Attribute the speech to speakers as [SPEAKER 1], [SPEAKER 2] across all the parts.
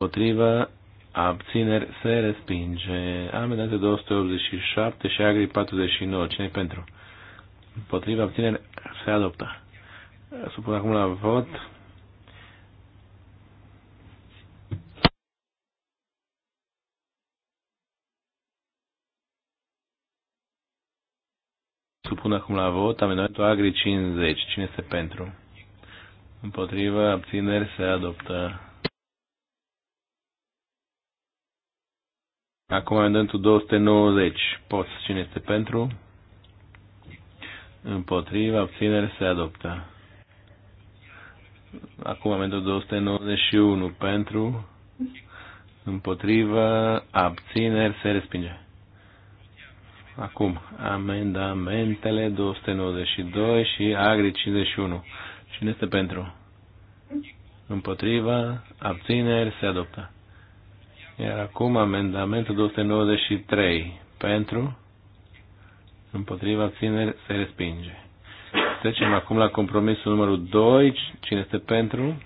[SPEAKER 1] împotriva, abțineri, se respinge. Amenate 287 și agri 49. cine pentru? Împotriva, abțineri, se adoptă. Supun acum la vot. Supun acum la vot amendamentul Agri 50. Cine este pentru? Împotriva abțineri se adoptă. Acum amendamentul 290. Poți. Cine este pentru? Împotriva. Abținere. Se adoptă. Acum amendamentul 291. Pentru. Împotriva. Abțineri. Se respinge. Acum, amendamentele 292 și Agri 51. Cine este pentru? Împotriva, abțineri, se adoptă. Iar acum amendamentul 293 pentru, împotriva abțineri, se respinge. Trecem acum la compromisul numărul 2. Cine este pentru?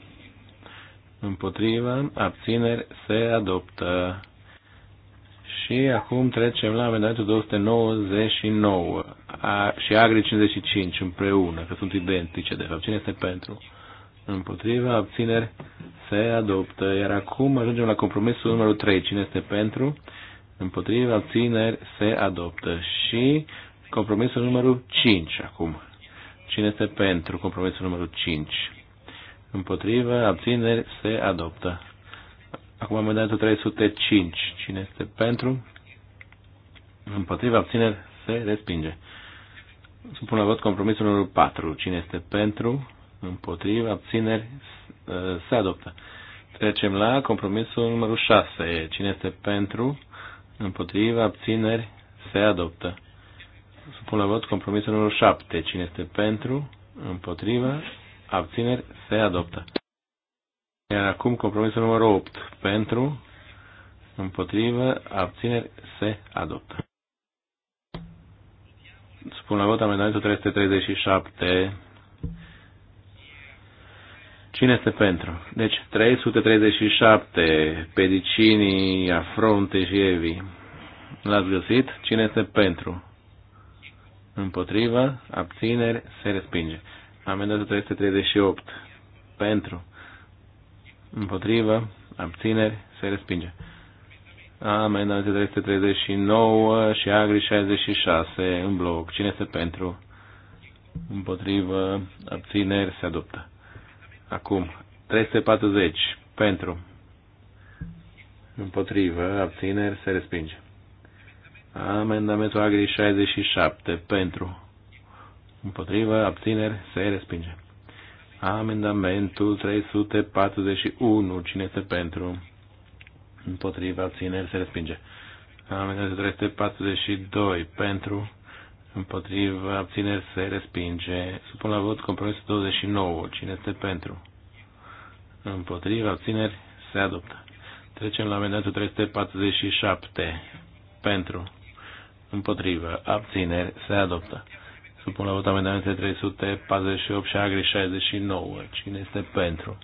[SPEAKER 1] Împotriva, abțineri, se adoptă. Și acum trecem la amendamentul 299 a, și Agri 55 împreună, că sunt identice de fapt. Cine este pentru? împotriva, abțineri, se adoptă. Iar acum ajungem la compromisul numărul 3. Cine este pentru, împotriva, abțineri, se adoptă. Și compromisul numărul 5 acum. Cine este pentru compromisul numărul 5? Împotriva, abțineri, se adoptă. Acum am dat 305. Cine este pentru? Împotriva, abțineri, se respinge. Supun la vot compromisul numărul 4. Cine este pentru? împotriva, abțineri, se adoptă. Trecem la compromisul numărul 6. Cine este pentru, împotriva, abțineri, se adoptă. Supun la vot compromisul numărul 7. Cine este pentru, împotriva, abțineri, se adoptă. Iar acum compromisul numărul 8. Pentru, împotriva abțineri, se adoptă. Spun la vot amendamentul 337 Cine este pentru? Deci 337 pedicinii, afronte și evi. L-ați găsit? Cine este pentru? Împotriva, abțineri, se respinge. Amendatul 338. Pentru. Împotriva, abțineri, se respinge. Amendamentul 339 și Agri 66 în bloc. Cine este pentru? Împotrivă, abțineri, se adoptă. Acum, 340 pentru, împotrivă, abțineri, se respinge. Amendamentul Agri 67 pentru, împotrivă, abțineri, se respinge. Amendamentul 341, cine este pentru, împotrivă, abțineri, se respinge. Amendamentul 342 pentru, Împotrivă, abțineri, se respinge. Supun la vot compromisul 29. Cine este pentru? Împotrivă, abțineri, se adoptă. Trecem la amendamentul 347. Pentru. Împotrivă, abțineri, se adoptă. Supun la vot amendamentul 348 și agri 69. Cine este pentru?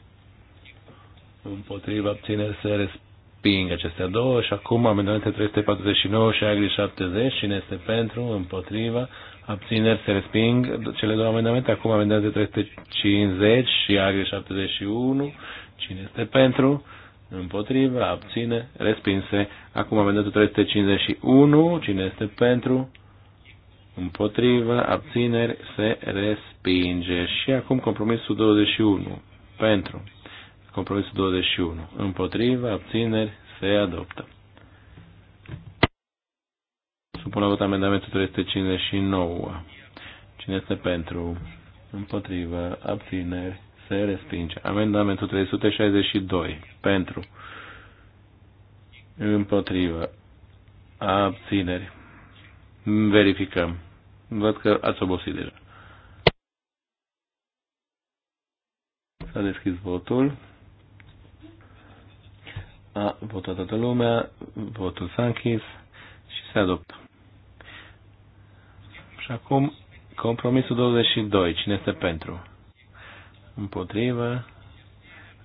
[SPEAKER 1] Împotrivă, abțineri, se respinge resping acestea două și acum amendamente 349 și agri 70. Cine este pentru? Împotriva? Abțineri se resping cele două amendamente. Acum amendamente 350 și agri 71. Cine este pentru? Împotriva? Abține? Respinse. Acum amendamentul 351. Cine este pentru? Împotriva? Abțineri se respinge. Și acum compromisul 21. Pentru Compromisul 21. Împotriva, abțineri, se adoptă. Supun la vot amendamentul 359. Cine este pentru? Împotriva, Abțineri. Se respinge. Amendamentul 362. Pentru. Împotriva, Abțineri. Verificăm. Văd că ați obosit deja. S-a deschis votul. A votat toată lumea, votul s-a închis și se adoptă. Și acum compromisul 22. Cine este pentru? Împotrivă.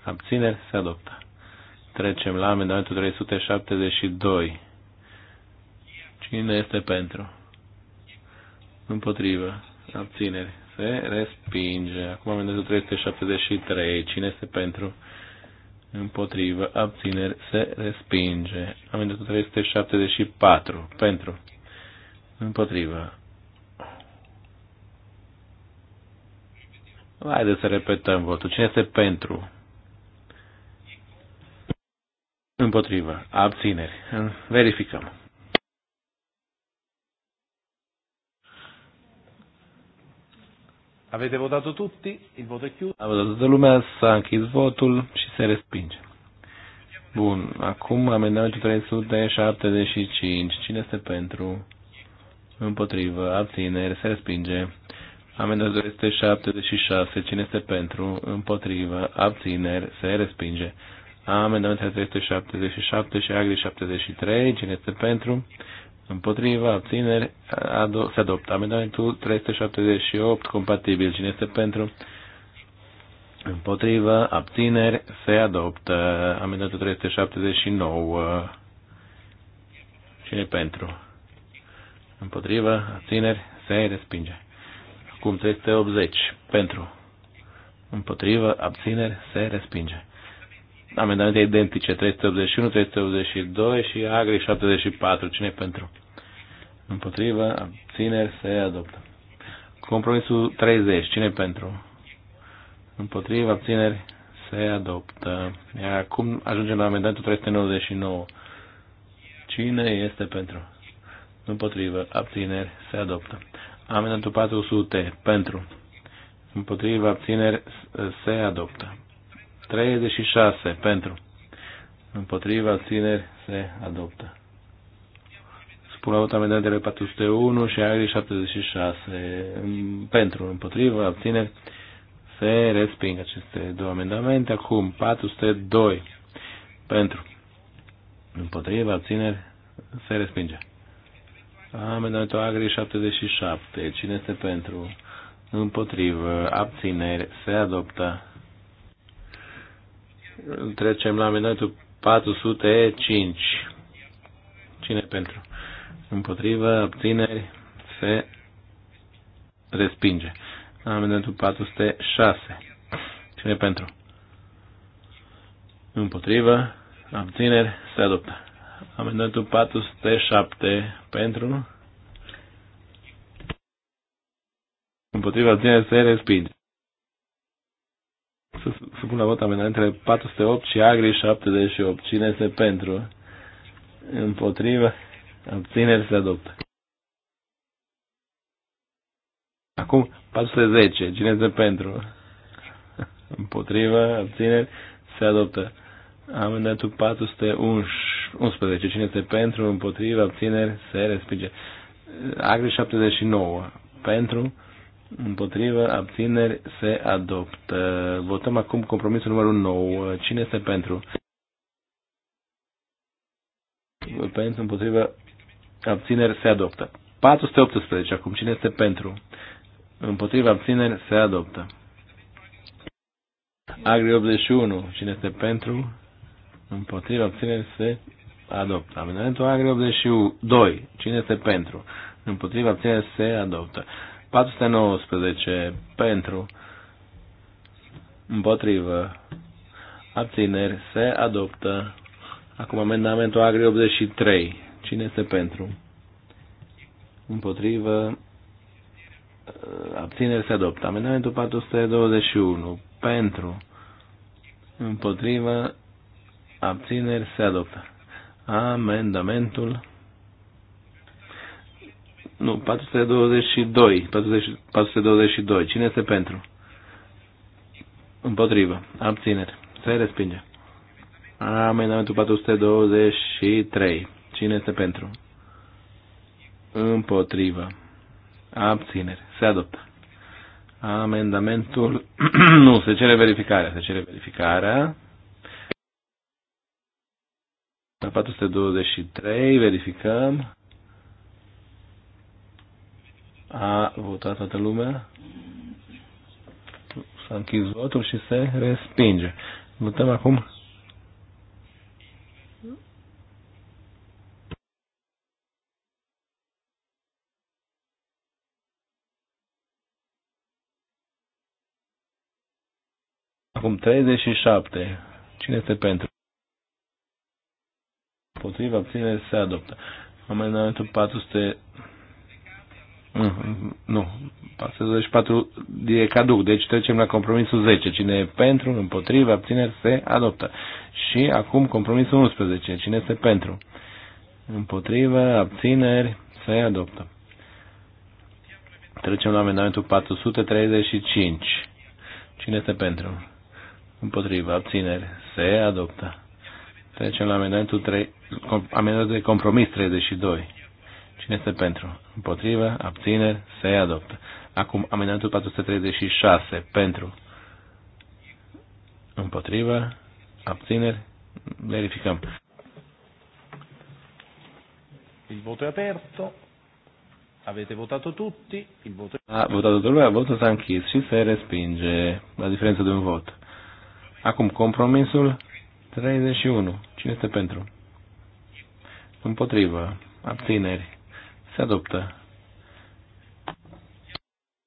[SPEAKER 1] Abțineri se adoptă. Trecem la amendamentul 372. Cine este pentru? Împotrivă. Abțineri. Se respinge. Acum amendamentul 373. Cine este pentru? împotrivă, abțineri, se respinge. Amendamentul 374, pentru, împotrivă. Haideți să repetăm votul. Cine este pentru? Împotrivă. Abțineri. Verificăm.
[SPEAKER 2] Avete votato tutti? Il voto è chiuso. Ha votato
[SPEAKER 1] tutta lumea, s închis votul și se respinge. Bun, acum amendamentul 375. Cine este pentru? Împotrivă. Abțineri. Se respinge. Amendamentul 376. Cine este pentru? Împotrivă. Abțineri. Se respinge. Amendamentul 377 și Agri 73. Cine este pentru? Împotriva, abțineri, ado- se adoptă. Amendamentul 378, compatibil. Cine este pentru? Împotriva, abțineri, se adoptă. Amendamentul 379. Cine pentru? Împotriva, abțineri, se respinge. Acum 380. Pentru. Împotriva, abțineri, se respinge amendamente identice 381, 382 și Agri 74. Cine pentru? Împotrivă, abțineri, se adoptă. Compromisul 30. Cine pentru? Împotrivă, abțineri, se adoptă. Iar acum ajungem la amendamentul 399. Cine este pentru? Împotrivă, abțineri, se adoptă. Amendamentul 400. Pentru. Împotrivă, abțineri, se adoptă. 36 pentru. Împotriva abțineri se adoptă. Spune avut vot amendamentele 401 și aerii 76 pentru. Împotriva abțineri se resping aceste două amendamente. Acum 402 pentru. Împotriva abțineri se respinge. Amendamentul Agri 77. Cine este pentru? Împotrivă. Abțineri. Se adoptă. Trecem la minutul 405. Cine pentru? Împotrivă, obțineri, se respinge. La minutul 406. Cine pentru? Împotrivă, obțineri, se adoptă. Amendamentul 407 pentru. Împotriva abțineri se respinge să supun la vot amendament între 408 și Agri 78. Cine este pentru? Împotrivă? Abțineri se adoptă. Acum 410. Cine este pentru? Împotrivă? Abțineri se adoptă. Amendamentul 411. Cine este pentru? Împotrivă? Abțineri se respinge. Agri 79. Pentru? Împotrivă, abțineri, se adoptă. Votăm acum compromisul numărul 9. Cine este pentru? Pentru, împotrivă, abțineri, se adoptă. 418. Acum cine este pentru? Împotrivă, abțineri se adoptă. Agri 81. Cine este pentru? Împotrivă, abțineri se adoptă. Amendamentul Agri 82. Cine este pentru? Împotriva abțineri se adoptă. 419 pentru, împotrivă, abțineri, se adoptă. Acum amendamentul Agri 83. Cine este pentru? Împotrivă, abțineri, se adoptă. Amendamentul 421 pentru, împotrivă, abțineri, se adoptă. Amendamentul nu, 422. 422. Cine este pentru? Împotrivă. Abțineri. Se respinge. Amendamentul 423. Cine este pentru? Împotrivă. Abțineri. Se adoptă. Amendamentul... nu, se cere verificarea. Se cere verificarea. La 423 verificăm. A votat toată lumea? S-a închis votul și se respinge. Votăm acum Acum 37. Cine este pentru? Potriva, abținere, se adoptă. Amendamentul 400 nu, nu. 44 e caduc, deci trecem la compromisul 10. Cine e pentru, împotriva, abțineri, se adoptă. Și acum compromisul 11. Cine este pentru? Împotriva, abțineri, se adoptă. Trecem la amendamentul 435. Cine este pentru? Împotriva, abțineri, se adoptă. Trecem la amendamentul 3, amendamentul de compromis 32. Cine este pentru? Împotrivă? Abțineri? Se adoptă. Acum amendamentul 436. Pentru? Împotrivă? Abțineri? Verificăm.
[SPEAKER 2] Il voto è aperto. Avete votato tutti. Il voto... Ha
[SPEAKER 1] votato tutto lui, ha votato a Ci și se respinge, la differenza de un vot. Acum, compromisul 31. Cine este pentru? Împotrivă. Abțineri. Se adoptă.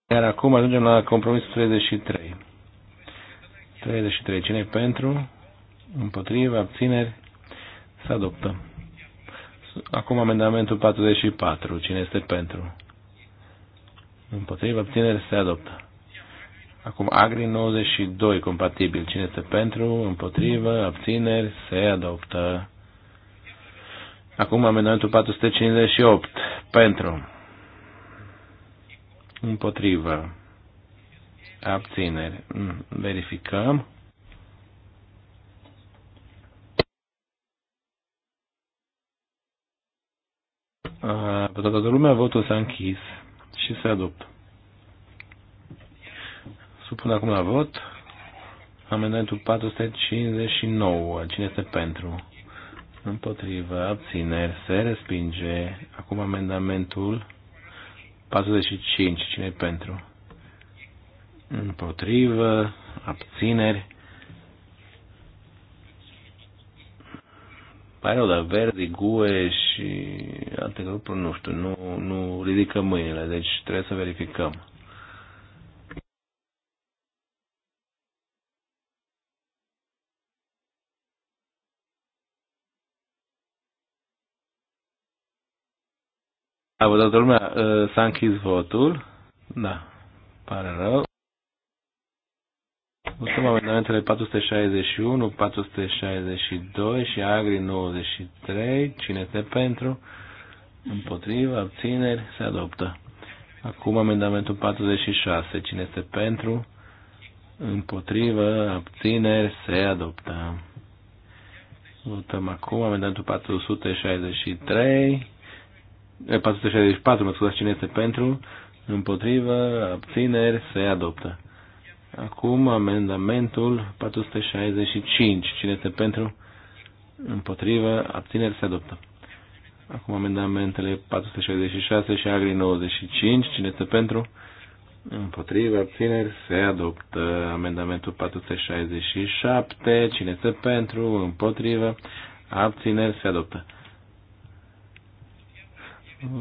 [SPEAKER 1] Iar acum ajungem la compromisul 33. 33. Cine pentru? Împotriva? Abțineri? Se adoptă. Acum amendamentul 44. Cine este pentru? Împotriva? Abțineri? Se adoptă. Acum Agri 92 compatibil. Cine este pentru? Împotrivă? Abțineri? Se adoptă. Acum amendamentul 458. Pentru. Împotrivă. Abținere. Mm, verificăm. Pe toată lumea votul s-a închis și se adoptă. Supun acum la vot amendamentul 459. Cine este pentru? Împotrivă, abțineri, se respinge. Acum amendamentul 45, cine pentru? Împotrivă, abțineri. Pare o verde, GUE și alte grupuri, nu știu, nu, nu ridică mâinile, deci trebuie să verificăm.
[SPEAKER 2] A votat toată lumea.
[SPEAKER 1] S-a închis votul. Da. Pare rău. Votăm amendamentele 461, 462 și Agri 93. Cine este pentru? Împotriva, abțineri, se adoptă. Acum amendamentul 46. Cine este pentru? Împotrivă, abțineri, se adoptă. Votăm acum amendamentul 463. 464, mă scuzați, cine este pentru, împotrivă, abțineri, se adoptă. Acum amendamentul 465, cine este pentru, împotrivă, abțineri, se adoptă. Acum amendamentele 466 și agri 95, cine este pentru, împotrivă, abțineri, se adoptă. Amendamentul 467, cine este pentru, împotrivă, abțineri, se adoptă.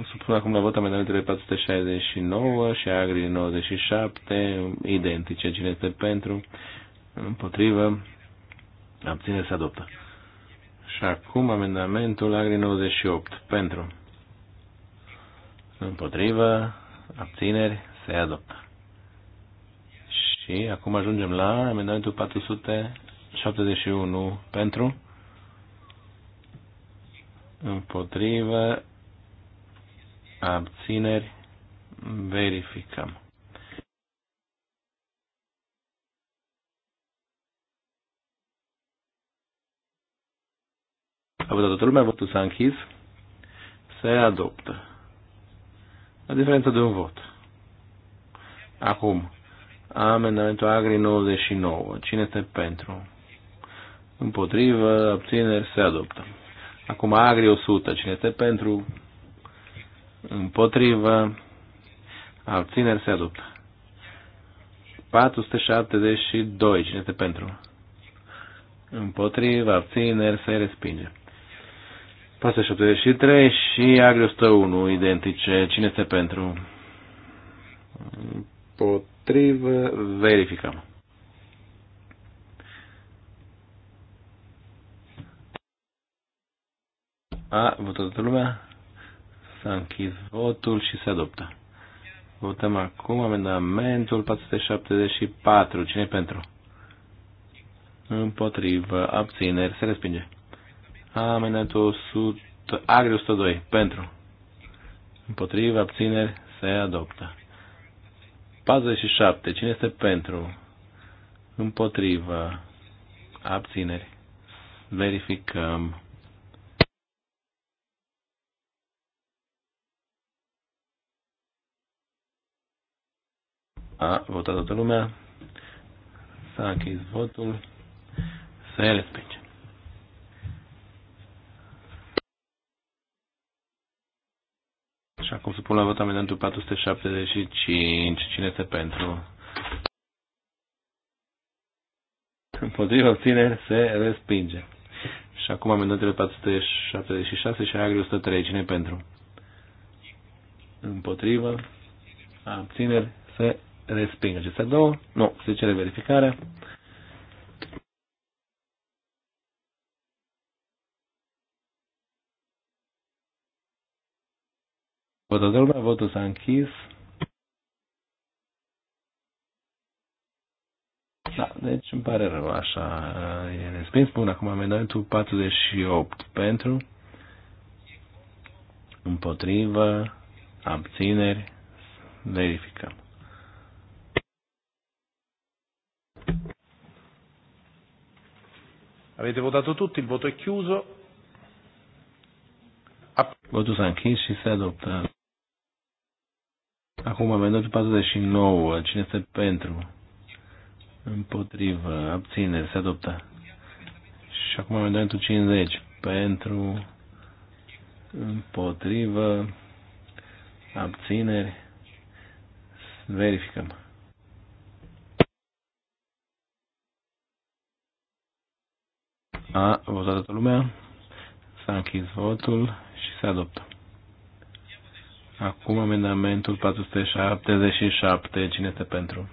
[SPEAKER 1] Supun acum la vot amendamentele 469 și Agri 97, identice. Cine este pentru? Împotrivă? Abține se adoptă. Și acum amendamentul Agri 98. Pentru? Împotrivă? Abțineri? Se adoptă. Și acum ajungem la amendamentul 471. Pentru? Împotrivă? abțineri,
[SPEAKER 2] verificăm.
[SPEAKER 1] A văzut toată lumea, votul s-a închis, se adoptă. La diferență de un vot. Acum, amendamentul Agri 99. Cine este pentru? Împotrivă, abțineri, se adoptă. Acum, Agri 100. Cine este pentru? împotrivă, țineri se adoptă. 472, cine este pentru? Împotrivă, abțineri se respinge. 473 și agri 101, identice, cine este pentru? Împotrivă, verificăm. A, votat toată lumea? S-a închis votul și se adoptă. Votăm acum amendamentul 474. cine pentru? Împotrivă. Abțineri. Se respinge. Amendamentul 100. Agri 102. Pentru. Împotrivă. Abțineri. Se adoptă. 47. Cine este pentru? Împotrivă. Abțineri. Verificăm. A votat toată lumea. S-a închis votul. să ia respinge. Și acum pun la vot amendamentul 475. Cine este pentru? Împotriva obțineri se respinge. Și acum amendamentele 476 și agri 103. Cine pentru? Împotriva abțineri se resping acestea două. Nu, se cere verificarea. Votul de lumea, votul s-a închis. Da, deci îmi pare rău, așa e respins. Bun, acum amendamentul 48 pentru, împotrivă, abțineri, verificăm.
[SPEAKER 2] Avete votato tutti, il voto è chiuso.
[SPEAKER 1] Votul s-a închis și se adoptă. Acum amendamentul 49. Cine este pentru? Împotrivă. Abțineri. Se adoptă. Și acum amendamentul 50. Pentru. Împotrivă. Abțineri. Verificăm. A votat toată lumea. S-a închis votul și se adoptă. Acum amendamentul 477. Cine este pentru?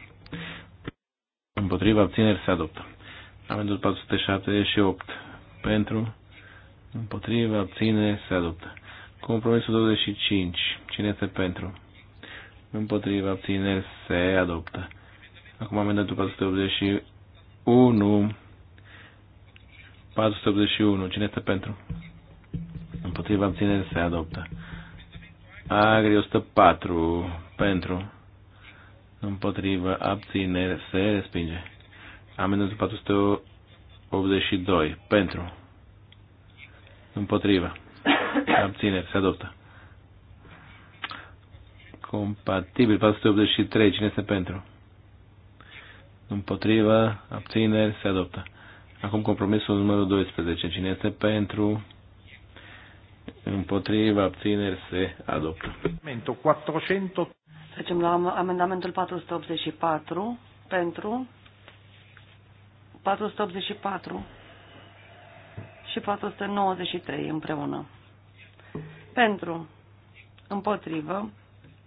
[SPEAKER 1] Împotriva abțineri se adoptă. Amendamentul 478. Pentru? Împotriva abțineri se adoptă. Compromisul 25. Cine este pentru? Împotriva abțineri se adoptă. Acum amendamentul 481 481. Cine este pentru? Împotriva abținere se adoptă. Agri 104. Pentru. Împotriva abținere se respinge. Amendamentul 482. Pentru. Împotriva. Abținere se adoptă. Compatibil 483. Cine este pentru? Împotriva abțineri se adoptă. Acum compromisul numărul 12. Cine este pentru? Împotriva abțineri se adoptă.
[SPEAKER 3] Amendamentul 400. Trecem la amendamentul 484 pentru 484 și 493 împreună. Pentru, împotrivă,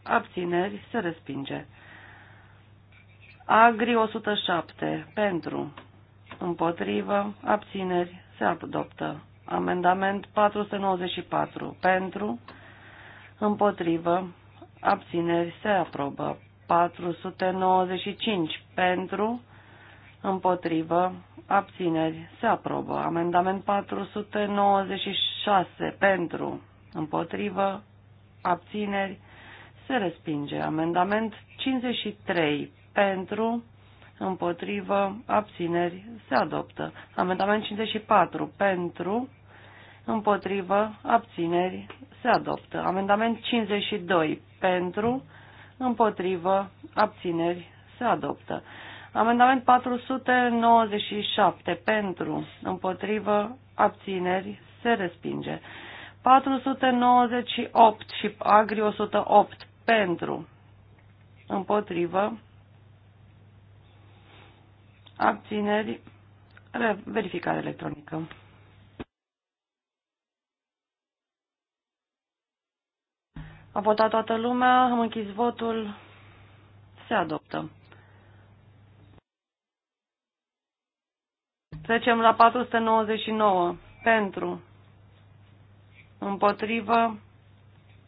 [SPEAKER 3] abțineri se respinge. Agri 107 pentru, Împotrivă. Abțineri. Se adoptă. Amendament 494. Pentru. Împotrivă. Abțineri. Se aprobă. 495. Pentru. Împotrivă. Abțineri. Se aprobă. Amendament 496. Pentru. Împotrivă. Abțineri. Se respinge. Amendament 53. Pentru împotrivă, abțineri, se adoptă. Amendament 54, pentru, împotrivă, abțineri, se adoptă. Amendament 52, pentru, împotrivă, abțineri, se adoptă. Amendament 497, pentru, împotrivă, abțineri, se respinge. 498 și Agri 108, pentru, împotrivă, abțineri, verificare electronică. A votat toată lumea, am închis votul, se adoptă. Trecem la 499. Pentru, împotrivă,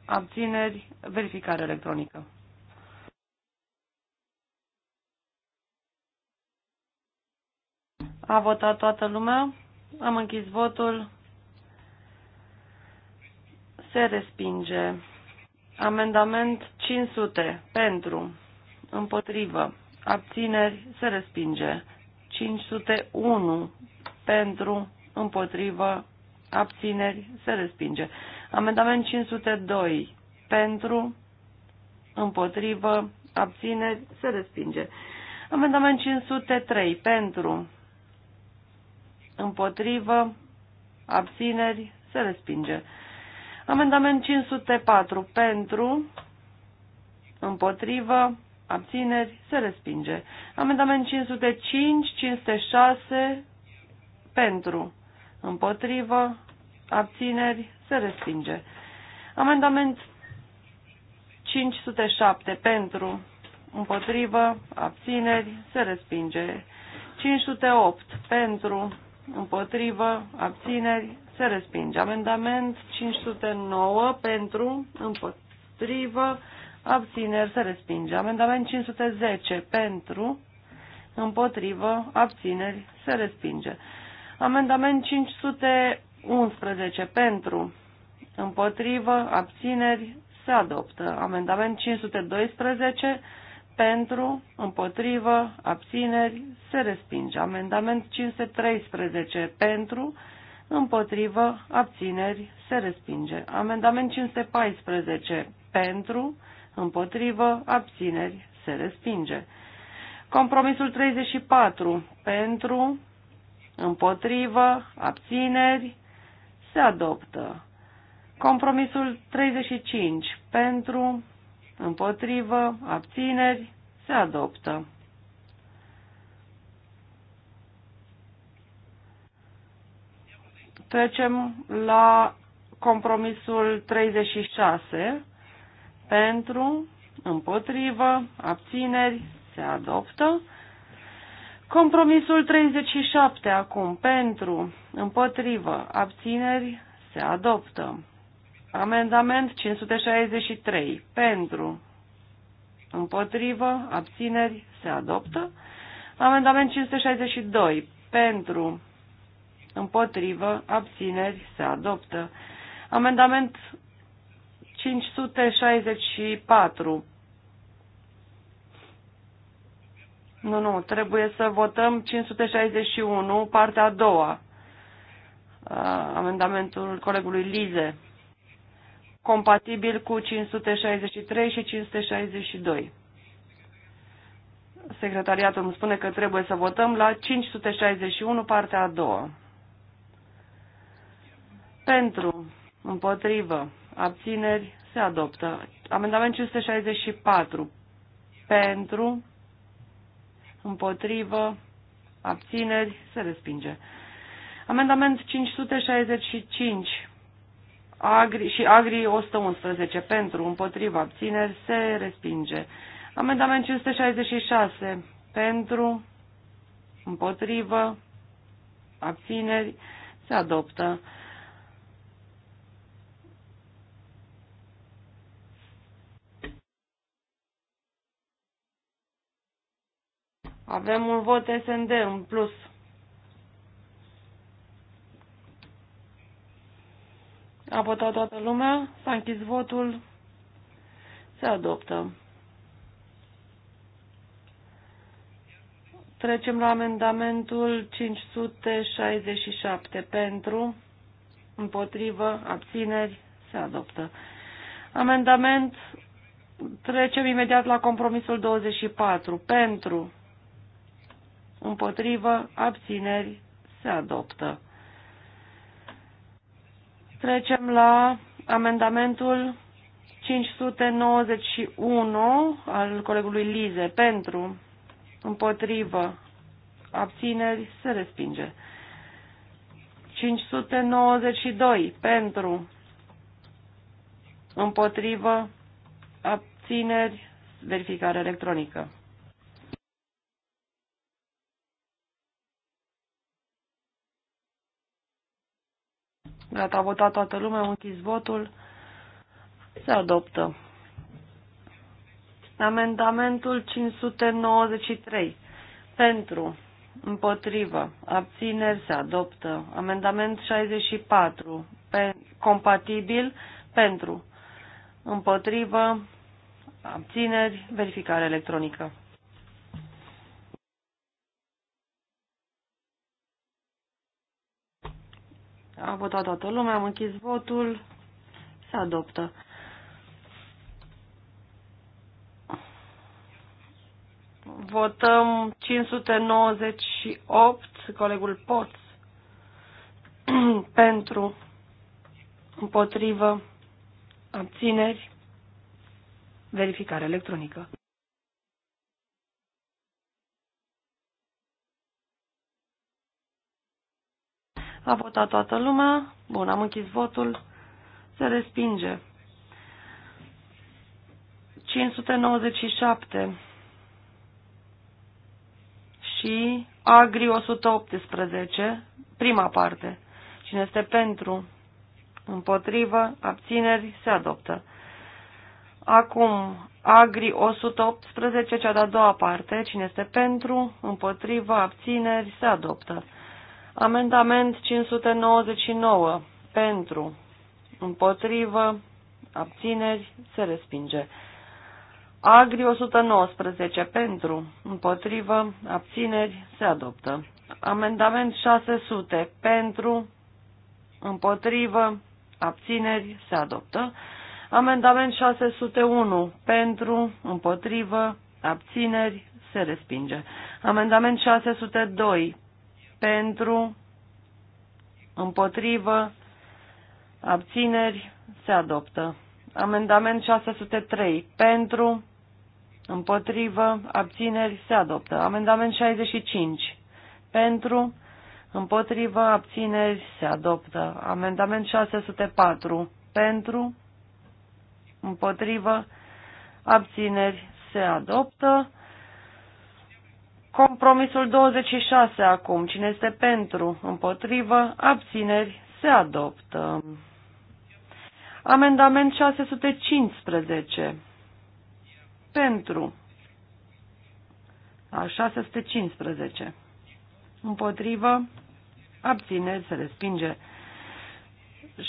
[SPEAKER 3] abțineri, verificare electronică. A votat toată lumea. Am închis votul. Se respinge. Amendament 500. Pentru. Împotrivă. Abțineri. Se respinge. 501. Pentru. Împotrivă. Abțineri. Se respinge. Amendament 502. Pentru. Împotrivă. Abțineri. Se respinge. Amendament 503. Pentru împotrivă, abțineri, se respinge. Amendament 504 pentru, împotrivă, abțineri, se respinge. Amendament 505, 506 pentru, împotrivă, abțineri, se respinge. Amendament 507 pentru, împotrivă, abțineri, se respinge. 508 pentru, împotrivă, abțineri, se respinge. Amendament 509 pentru, împotrivă, abțineri, se respinge. Amendament 510 pentru, împotrivă, abțineri, se respinge. Amendament 511 pentru, împotrivă, abțineri, se adoptă. Amendament 512 pentru, împotrivă, abțineri, se respinge. Amendament 513 pentru, împotrivă, abțineri, se respinge. Amendament 514 pentru, împotrivă, abțineri, se respinge. Compromisul 34 pentru, împotrivă, abțineri, se adoptă. Compromisul 35 pentru, împotrivă, abțineri, se adoptă. Trecem la compromisul 36. Pentru, împotrivă, abțineri, se adoptă. Compromisul 37 acum, pentru, împotrivă, abțineri, se adoptă. Amendament 563. Pentru. Împotrivă. Abțineri. Se adoptă. Amendament 562. Pentru. Împotrivă. Abțineri. Se adoptă. Amendament 564. Nu, nu, trebuie să votăm 561, partea a doua. Uh, amendamentul colegului Lize compatibil cu 563 și 562. Secretariatul îmi spune că trebuie să votăm la 561, partea a doua. Pentru, împotrivă, abțineri, se adoptă. Amendament 564. Pentru, împotrivă, abțineri, se respinge. Amendament 565 Agri și Agri 111 pentru, împotriva, abțineri, se respinge. Amendament 566 pentru, împotrivă, abțineri, se adoptă. Avem un vot SND în plus A votat toată lumea, s-a închis votul, se adoptă. Trecem la amendamentul 567. Pentru, împotrivă, abțineri, se adoptă. Amendament, trecem imediat la compromisul 24. Pentru, împotrivă, abțineri, se adoptă. Trecem la amendamentul 591 al colegului Lize pentru, împotrivă, abțineri, se respinge. 592 pentru, împotrivă, abțineri, verificare electronică. Gata, a votat toată lumea, am închis votul. Se adoptă. Amendamentul 593. Pentru. Împotrivă. Abțineri se adoptă. Amendament 64. Pe, compatibil. Pentru. Împotrivă. Abțineri. Verificare electronică. A votat toată lumea, am închis votul, se adoptă. Votăm 598, colegul Poț, pentru, împotrivă, abțineri, verificare electronică. A votat toată lumea. Bun, am închis votul. Se respinge. 597 și Agri 118, prima parte. Cine este pentru, împotrivă, abțineri, se adoptă. Acum, Agri 118, cea de-a doua parte. Cine este pentru, împotrivă, abțineri, se adoptă. Amendament 599. Pentru. Împotrivă. Abțineri. Se respinge. Agri 119. Pentru. Împotrivă. Abțineri. Se adoptă. Amendament 600. Pentru. Împotrivă. Abțineri. Se adoptă. Amendament 601. Pentru. Împotrivă. Abțineri. Se respinge. Amendament 602 pentru, împotrivă, abțineri, se adoptă. Amendament 603, pentru, împotrivă, abțineri, se adoptă. Amendament 65, pentru, împotrivă, abțineri, se adoptă. Amendament 604, pentru, împotrivă, abțineri, se adoptă. Compromisul 26 acum. Cine este pentru? Împotrivă? Abțineri? Se adoptă. Amendament 615. Pentru. La 615. Împotrivă? Abțineri? Se respinge.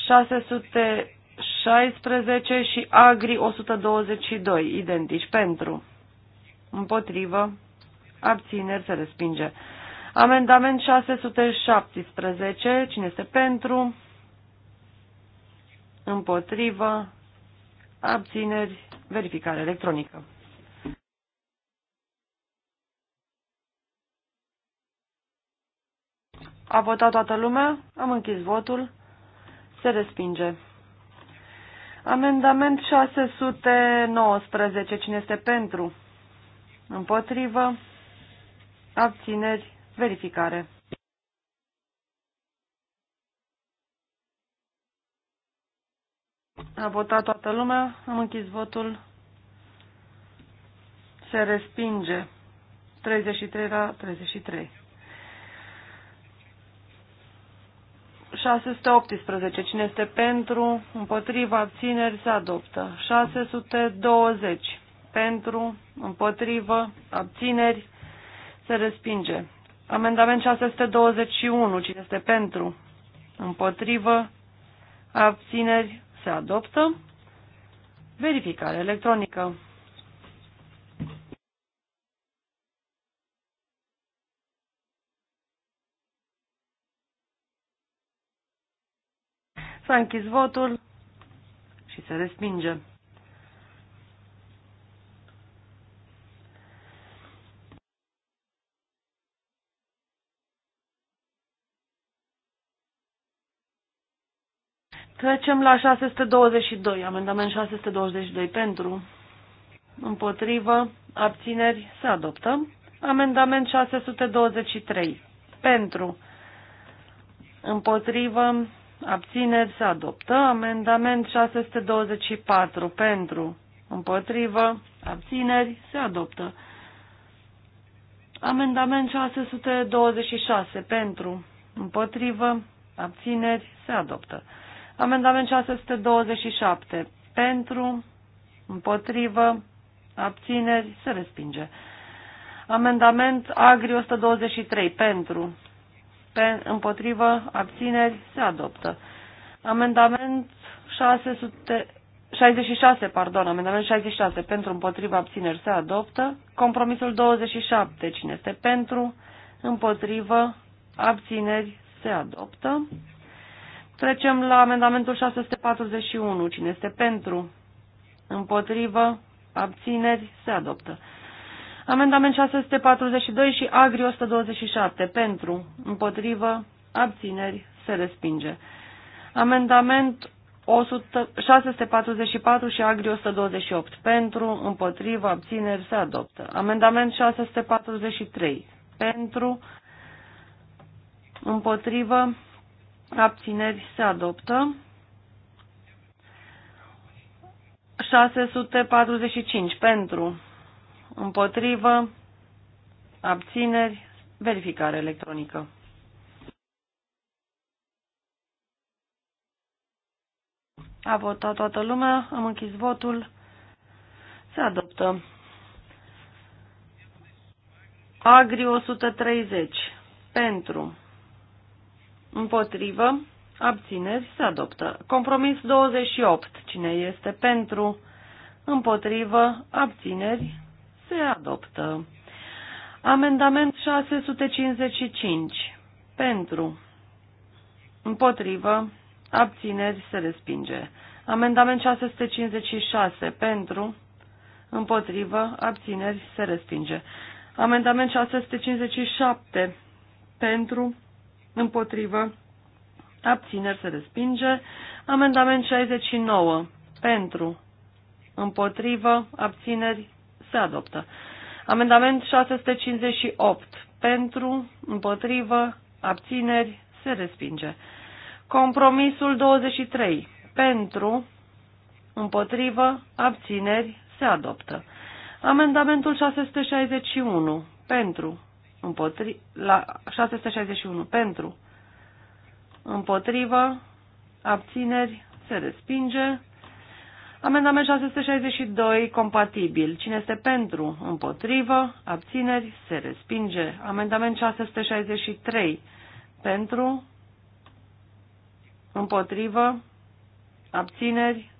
[SPEAKER 3] 616 și Agri 122. Identici. Pentru. Împotrivă? abțineri, se respinge. Amendament 617, cine este pentru, împotrivă, abțineri, verificare electronică. A votat toată lumea? Am închis votul. Se respinge. Amendament 619. Cine este pentru? Împotrivă abțineri, verificare. A votat toată lumea, am închis votul, se respinge 33 la 33. 618. Cine este pentru, împotriva, abțineri, se adoptă. 620. Pentru, împotrivă, abțineri, se respinge. Amendament 621. Cine este pentru? Împotrivă. Abțineri. Se adoptă. Verificare electronică. S-a închis votul și se respinge. Trecem la 622, amendament 622 pentru, împotrivă, abțineri, se adoptă. Amendament 623 pentru, împotrivă, abțineri, se adoptă. Amendament 624 pentru, împotrivă, abțineri, se adoptă. Amendament 626 pentru, împotrivă, abțineri, se adoptă. Amendament 627. Pentru, împotrivă, abțineri, se respinge. Amendament Agri 123. Pentru, pe, împotrivă, abțineri, se adoptă. Amendament 600, 66, pardon, amendament 66. Pentru, împotriva abțineri, se adoptă. Compromisul 27. Cine este pentru, împotrivă, abțineri, se adoptă. Trecem la amendamentul 641. Cine este pentru? Împotrivă? Abțineri? Se adoptă. Amendament 642 și Agri 127. Pentru? Împotrivă? Abțineri? Se respinge. Amendament 644 și Agri 128. Pentru, împotrivă, abțineri, se adoptă. Amendament 643. Pentru, împotrivă, abțineri se adoptă. 645 pentru, împotrivă, abțineri, verificare electronică. A votat toată lumea, am închis votul, se adoptă. Agri 130 pentru Împotrivă. Abțineri se adoptă. Compromis 28. Cine este pentru? Împotrivă. Abțineri se adoptă. Amendament 655. Pentru. Împotrivă. Abțineri se respinge. Amendament 656. Pentru. Împotrivă. Abțineri se respinge. Amendament 657. Pentru împotrivă, abțineri se respinge. Amendament 69 pentru, împotrivă, abțineri se adoptă. Amendament 658 pentru, împotrivă, abțineri se respinge. Compromisul 23 pentru, împotrivă, abțineri se adoptă. Amendamentul 661 pentru, împotri, la 661 pentru, împotrivă, abțineri, se respinge. Amendament 662, compatibil. Cine este pentru, împotrivă, abțineri, se respinge. Amendament 663, pentru, împotrivă, abțineri,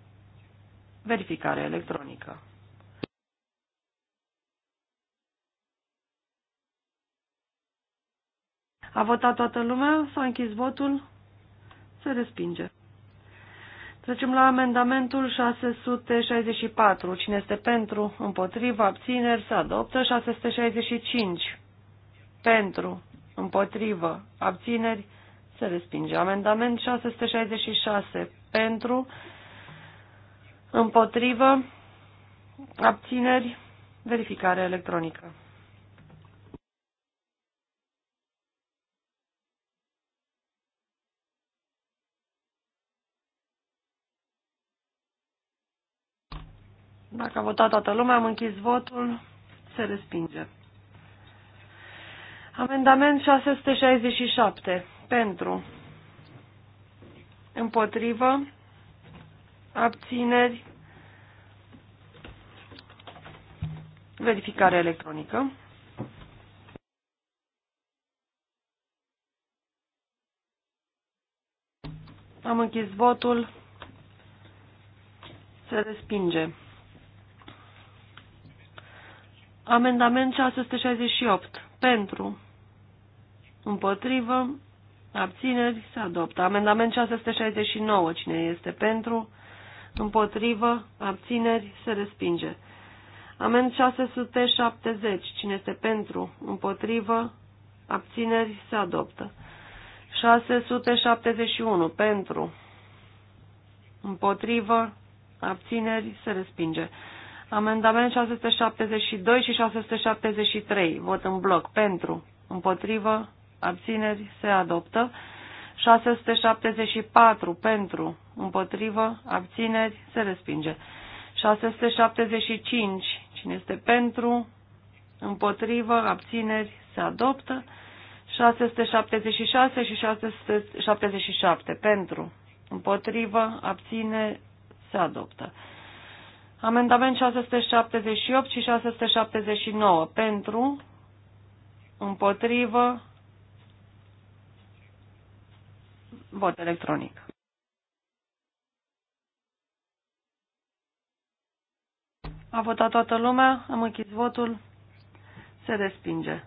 [SPEAKER 3] verificare electronică. A votat toată lumea? S-a închis votul? Se respinge. Trecem la amendamentul 664. Cine este pentru, împotriva, abțineri, se adoptă. 665. Pentru, împotrivă, abțineri, se respinge. Amendament 666. Pentru, împotrivă, abțineri, verificare electronică. Dacă a votat toată lumea, am închis votul, se respinge.
[SPEAKER 4] Amendament
[SPEAKER 3] 667. Pentru. Împotrivă. Abțineri. Verificare electronică. Am închis votul. Se respinge. Amendament 668. Pentru. Împotrivă. Abțineri. Se adoptă. Amendament 669. Cine este pentru? Împotrivă. Abțineri. Se respinge. Amendament 670. Cine este pentru? Împotrivă. Abțineri. Se adoptă. 671. Pentru. Împotrivă. Abțineri. Se respinge. Amendament 672 și 673. Vot în bloc. Pentru. Împotrivă. Abțineri. Se adoptă. 674. Pentru. Împotrivă. Abțineri. Se respinge. 675. Cine este pentru? Împotrivă. Abțineri. Se adoptă. 676 și 677. Pentru. Împotrivă. Abține. Se adoptă. Amendament 678 și 679 pentru, împotrivă, vot electronic. A votat toată lumea, am închis votul, se respinge.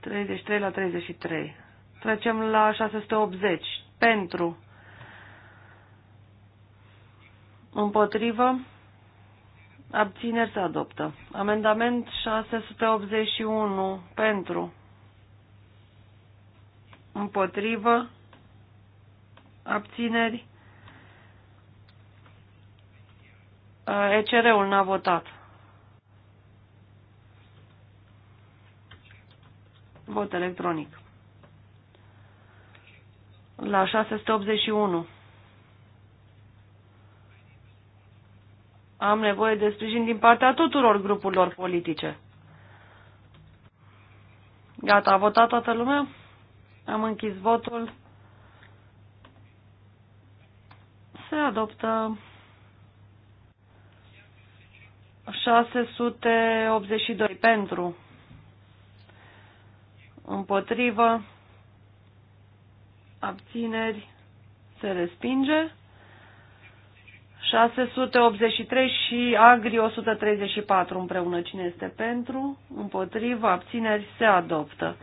[SPEAKER 3] 33 la 33. Trecem la 680. Pentru Împotrivă. Abțineri se adoptă. Amendament 681. Pentru. Împotrivă. Abțineri. ECR-ul n-a votat. Vot electronic. La 681. am nevoie de sprijin din partea tuturor grupurilor politice. Gata, a votat toată lumea? Am închis votul. Se adoptă 682 pentru, împotrivă, abțineri, se respinge. 683 și Agri 134 împreună. Cine este pentru? Împotrivă? Abțineri? Se adoptă.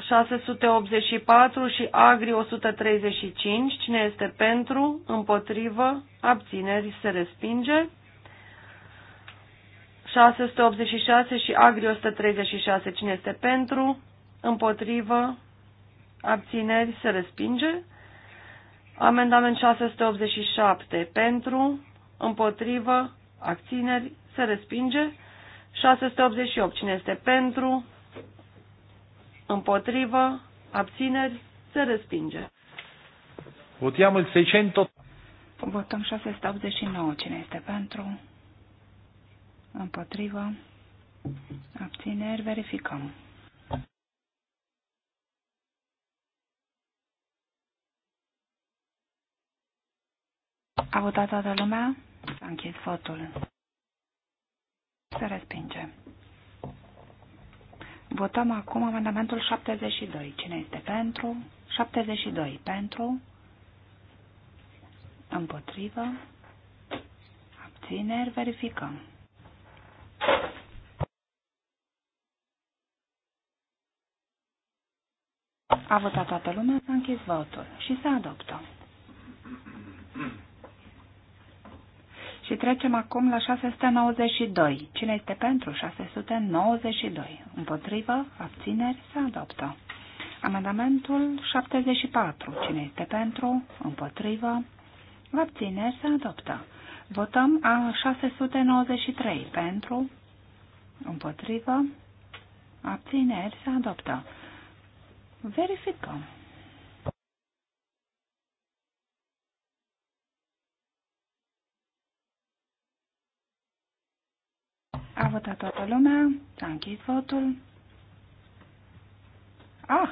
[SPEAKER 3] 684 și Agri 135. Cine este pentru? Împotrivă? Abțineri? Se respinge. 686 și Agri 136. Cine este pentru? Împotrivă? Abțineri? Se respinge. Amendament 687 pentru, împotrivă, abțineri, se respinge. 688 cine este pentru,
[SPEAKER 4] împotrivă, abțineri, se respinge. Votiamo 600. Votăm 689 cine este pentru, împotrivă, abțineri, verificăm. A votat toată lumea? S-a închis votul. Se respinge. Votăm acum amendamentul 72. Cine este pentru? 72 pentru. Împotrivă. Abțineri. Verificăm. A votat toată lumea, s-a închis votul și se adoptă. Și trecem acum la 692. Cine este pentru? 692. Împotrivă? Abțineri? Se adoptă. Amendamentul 74. Cine este pentru? Împotrivă? Abțineri? Se adoptă. Votăm a 693. Pentru? Împotrivă? Abțineri? Se adoptă. Verificăm. A votat toată lumea. S-a închis votul. Ah!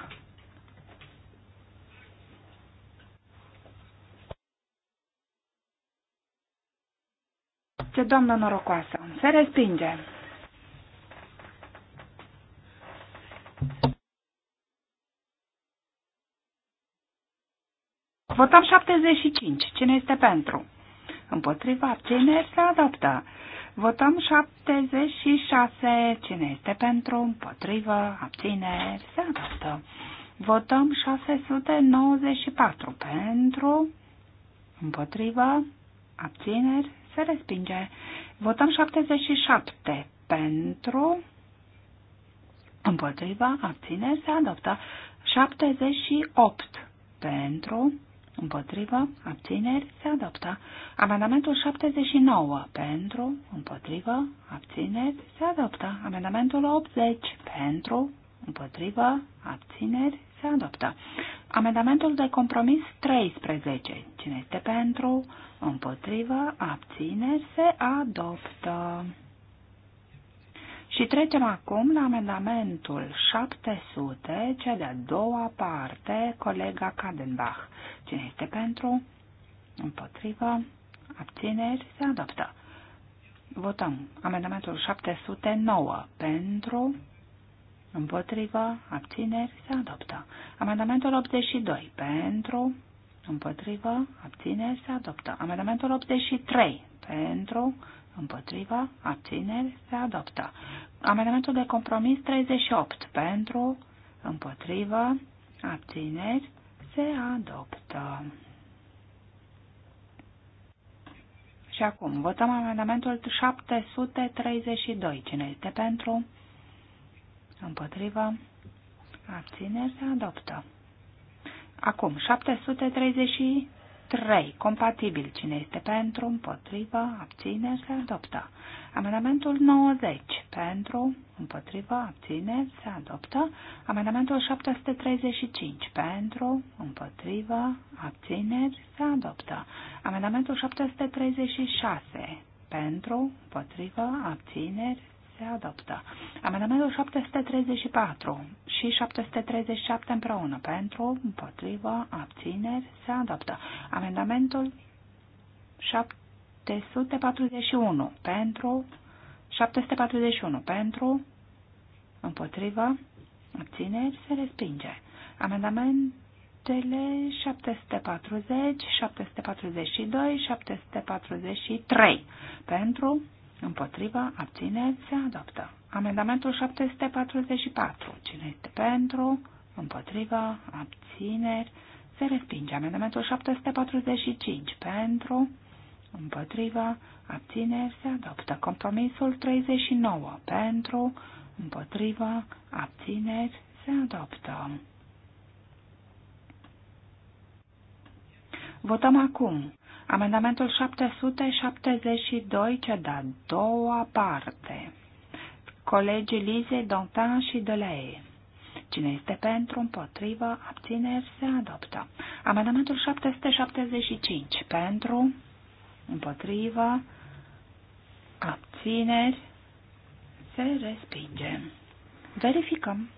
[SPEAKER 4] Ce doamnă norocoasă! Se respinge! Votăm 75. Cine este pentru? Împotriva cine se adoptă. Votăm 76. Cine este pentru? Împotrivă? Abține? Se adoptă. Votăm 694 pentru, împotrivă, abțineri, se respinge. Votăm 77 pentru, împotrivă, abțineri, se adoptă. 78 pentru, împotrivă, abțineri, se adoptă. Amendamentul 79 pentru, împotrivă, abțineri, se adoptă. Amendamentul 80 pentru, împotrivă, abțineri, se adoptă. Amendamentul de compromis 13. Cine este pentru, împotrivă, abțineri, se adoptă. Și trecem acum la amendamentul 700, cea de-a doua parte, colega Kadenbach. Cine este pentru? Împotrivă? Abțineri? Se adoptă. Votăm amendamentul 709 pentru, împotrivă, abțineri, se adoptă. Amendamentul 82 pentru, împotrivă, abțineri, se adoptă. Amendamentul 83 pentru, Împotriva, abțineri, se adoptă. Amendamentul de compromis 38 pentru, împotriva, abțineri, se adoptă. Și acum votăm amendamentul 732. Cine este pentru? Împotrivă. Abțineri se adoptă. Acum 730. 3. Compatibil. Cine este pentru, împotrivă, abține, se adoptă. Amendamentul 90. Pentru, împotrivă, abține, se adoptă. Amendamentul 735. Pentru, împotrivă, abține, se adoptă. Amendamentul 736. Pentru, împotrivă, abțineri, se adoptă. Amendamentul 734 și 737 împreună pentru, împotrivă, abțineri, se adoptă. Amendamentul 741 pentru, 741 pentru, împotrivă, abțineri, se respinge. Amendament Actele 740, 742, 743 pentru, Împotriva, abțineți, se adoptă. Amendamentul 744. Cine este pentru? Împotriva, abțineri, se respinge. Amendamentul 745. Pentru, împotriva, abțineri, se adoptă. Compromisul 39. Pentru, împotriva, abțineri, se adoptă. Votăm acum Amendamentul 772, cea de-a doua parte. Colegii Lizei, Dantin și Delay. Cine este pentru, împotrivă, abțineri, se adoptă. Amendamentul 775. Pentru, împotrivă, abțineri, se respinge. Verificăm.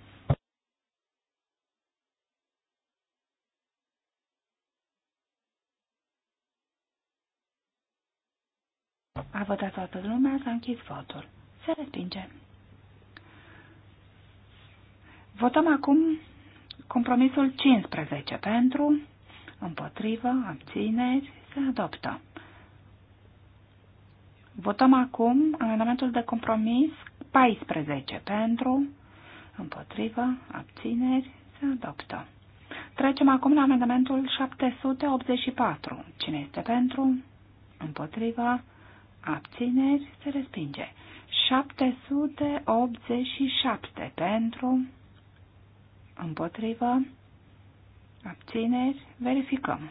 [SPEAKER 4] A votat toată lumea, s-a închis votul. Se respinge. Votăm acum compromisul 15 pentru, împotrivă, abțineri, se adoptă. Votăm acum amendamentul de compromis 14 pentru, împotrivă, abțineri, se adoptă. Trecem acum la amendamentul 784. Cine este pentru? Împotriva? abțineri, se respinge. 787 pentru, împotrivă, abțineri, verificăm.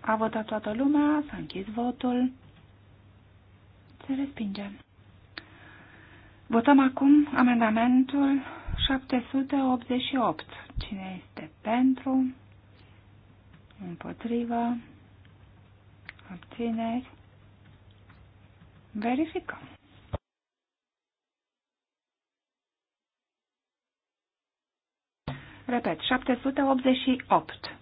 [SPEAKER 4] A votat toată lumea, s-a închis votul, se respinge. Votăm acum amendamentul 788. Cine este pentru? împotriva, abțineri, verificăm. Repet, 788.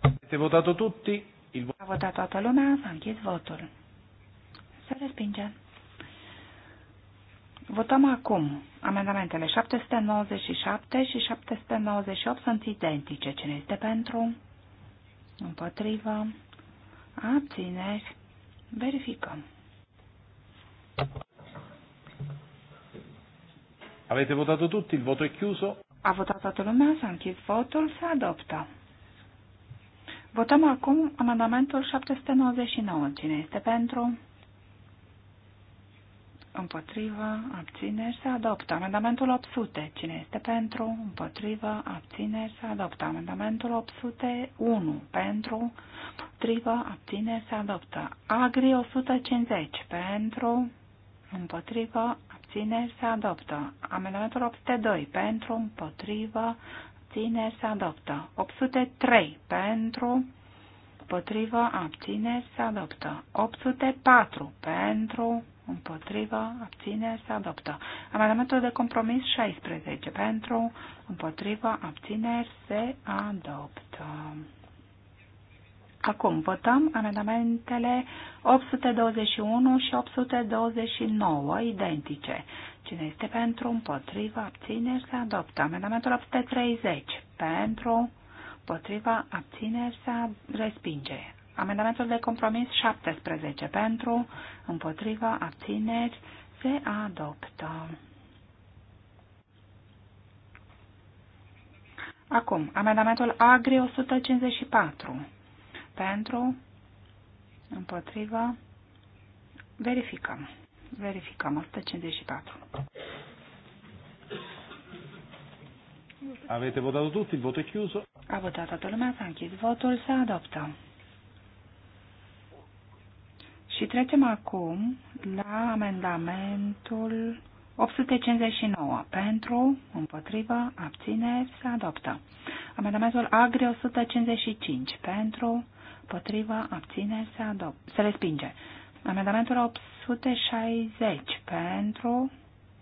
[SPEAKER 2] Avete votato
[SPEAKER 4] tutti? Il... A votat toată lumea, s-a închis votul. Să respinge. Votăm acum. Amendamentele 797 și 798 sunt identice. Cine este pentru? Împotrivă. Abțineri. Verificăm.
[SPEAKER 2] Avete votat tutti, il voto è chiuso.
[SPEAKER 4] A votat toată lumea, s-a închis votul, se adoptă. Votăm acum amendamentul 799. Cine este pentru? împotrivă, abțineri, se adoptă. Amendamentul 800. Cine este pentru, împotrivă, abțineri, se adoptă. Amendamentul 801. Pentru, împotrivă, abțineri, se adoptă. Agri 150. Pentru, împotrivă, abțineri, se adoptă. Amendamentul 802. Pentru, împotrivă, abțineri, se adoptă. 803. Pentru, împotrivă, abțineri, se adoptă. 804. Pentru, împotriva, abțineri, se adoptă. Amendamentul de compromis 16 pentru, împotriva, abțineri, se adoptă. Acum votăm amendamentele 821 și 829 identice. Cine este pentru, împotriva, abțineri, se adoptă. Amendamentul 830 pentru, împotriva, abțineri, se respinge. Amendamentul de compromis 17 pentru, împotriva, abțineri, se adoptă. Acum, amendamentul Agri 154 pentru, împotriva, verificăm. Verificăm 154.
[SPEAKER 2] Avete votat tutti, il voto è chiuso.
[SPEAKER 4] A votato toată lumea, s-a închis votul, se adoptă. Și trecem acum la amendamentul 859. Pentru, împotrivă, abțineri, se adoptă. Amendamentul Agri 155. Pentru, împotrivă, abțineri, se, adoptă, se respinge. Amendamentul 860. Pentru,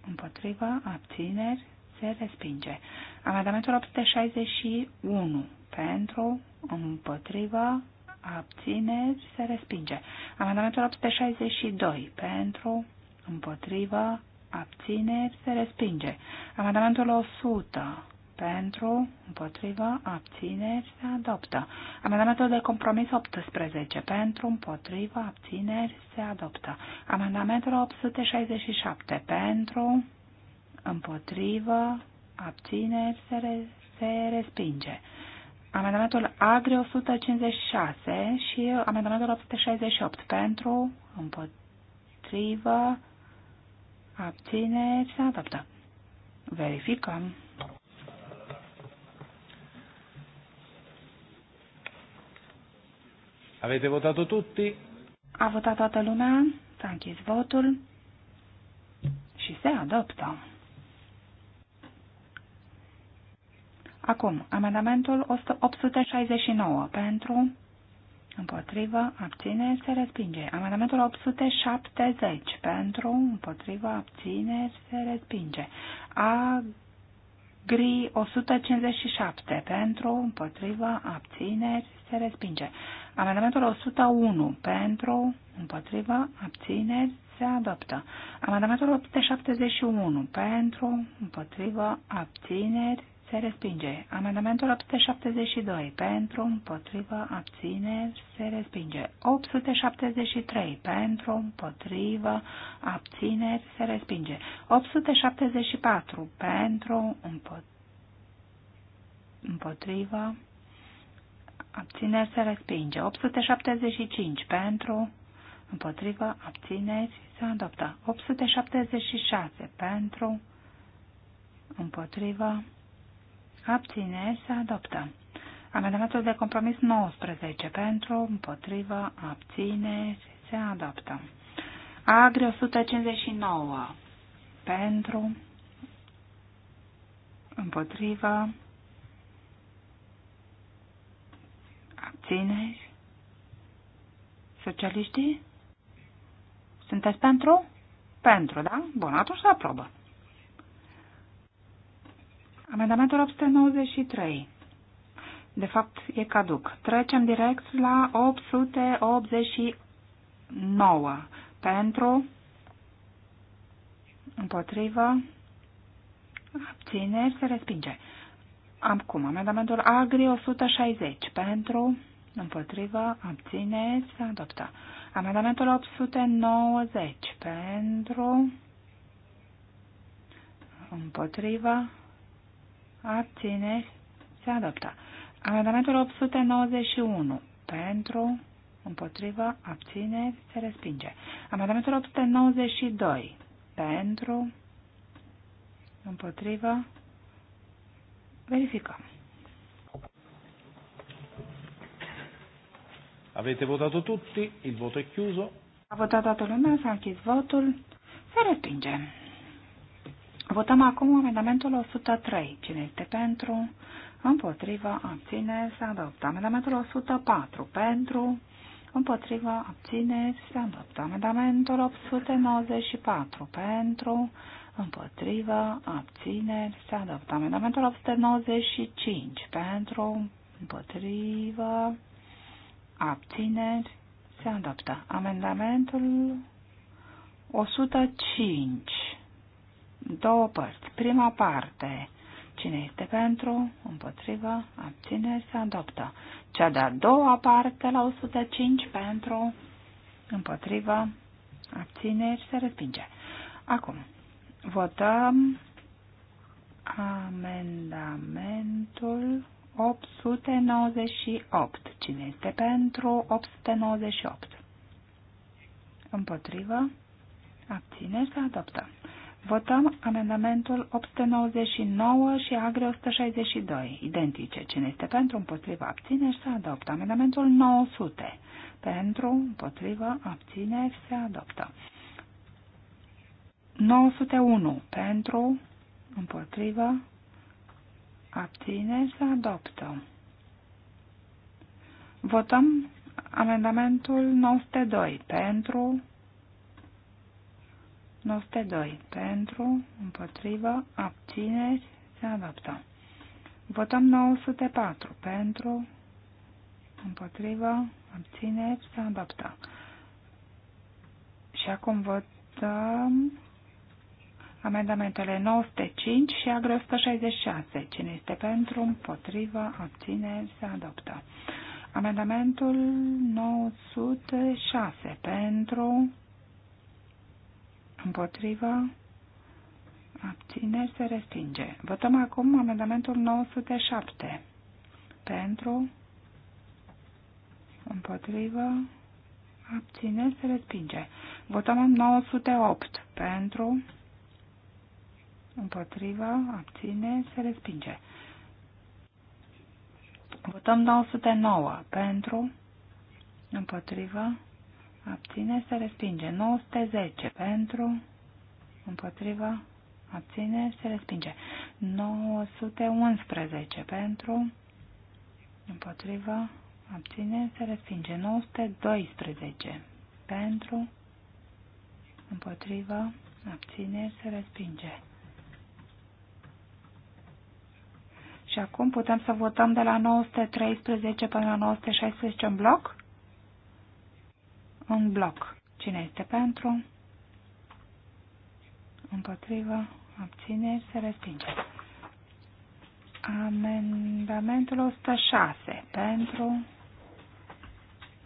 [SPEAKER 4] împotrivă, abțineri, se respinge. Amendamentul 861. Pentru, împotrivă, abțineri, se respinge. Amendamentul 862 pentru, împotrivă, abțineri, se respinge. Amendamentul 100 pentru, împotrivă, abțineri, se adoptă. Amendamentul de compromis 18 pentru, împotrivă, abțineri, se adoptă. Amendamentul 867 pentru, împotrivă, abțineri, se, re, se respinge. Amendamentul Agri 156 și amendamentul 868 pentru, împotrivă, abțineri, se adoptă. Verificăm.
[SPEAKER 2] Avete votat tutti?
[SPEAKER 4] A votat toată lumea, s-a închis votul și se adoptă. Acum, amendamentul 869 pentru, împotrivă, abține se respinge. Amendamentul 870 pentru, împotrivă, abține se respinge. Agri 157 pentru, împotrivă, abține se respinge. Amendamentul 101 pentru, împotrivă, abține se adoptă. Amendamentul 871 pentru, împotrivă, abține se respinge. Amendamentul 872. Pentru, împotrivă, abțineri, se respinge. 873. Pentru, împotrivă, abțineri, se respinge. 874. Pentru, împotrivă, abțineri, se respinge. 875. Pentru, împotrivă, abțineri, se adoptă. 876. Pentru, împotrivă, abțineri, Abține se adoptă. Amendamentul de compromis 19 pentru, împotrivă, abține se adoptă. Agri 159 pentru, împotrivă, abține. socialiștii? Sunteți pentru? Pentru, da? Bun, atunci se aprobă. Amendamentul 893. De fapt, e caduc. Trecem direct la 889. Pentru, împotrivă, abțineri, se respinge. Am cum? Amendamentul Agri 160. Pentru, împotrivă, abțineri, se adoptă. Amendamentul 890. Pentru, împotrivă, abțineri, se adoptă. Amendamentul 891 pentru, împotrivă, abțineri, se respinge. Amendamentul 892 pentru, împotrivă, verificăm.
[SPEAKER 2] Avete votato tutti, il voto è chiuso.
[SPEAKER 4] Ha votato toată lumea, s-a închis votul, se respinge. Votăm acum amendamentul 103. Cine este pentru? Împotriva, abține, se adoptă. Amendamentul 104. Pentru, împotriva, abține, se adoptă. Amendamentul 894. Pentru, împotriva, abține, se adoptă. Amendamentul 895. Pentru, împotriva, abține, se adoptă. Amendamentul 105 două părți. Prima parte, cine este pentru, împotrivă, abține, se adoptă. Cea de-a doua parte, la 105, pentru, împotrivă, abțineri, se respinge. Acum, votăm amendamentul 898. Cine este pentru 898? Împotrivă? Abțineri se adoptă. Votăm amendamentul 899 și agre 162, identice. Cine este pentru, împotriva, abțineri, se adoptă. Amendamentul 900, pentru, împotriva, abțineri, se adoptă. 901, pentru, împotriva, abțineri, se adoptă. Votăm amendamentul 902, pentru, 902 pentru, împotrivă, abțineri, se adoptă. Votăm 904 pentru, împotrivă, abțineri, se adoptă. Și acum votăm amendamentele 905 și agre 166. Cine este pentru, împotrivă, abțineri, se adoptă. Amendamentul 906 pentru, împotriva, abțineri, se respinge. Votăm acum amendamentul 907. Pentru, Împotrivă. abțineri, se respinge. Votăm 908. Pentru, împotriva, abține, se respinge. Votăm 909. Pentru, Împotrivă abține, se respinge. 910 pentru, împotriva, abține, se respinge. 911 pentru, împotriva, abține, se respinge. 912 pentru, împotriva, abține, se respinge. Și acum putem să votăm de la 913 până la 916 în bloc? în bloc. Cine este pentru? Împotrivă, abțineri, se respinge. Amendamentul 106. Pentru,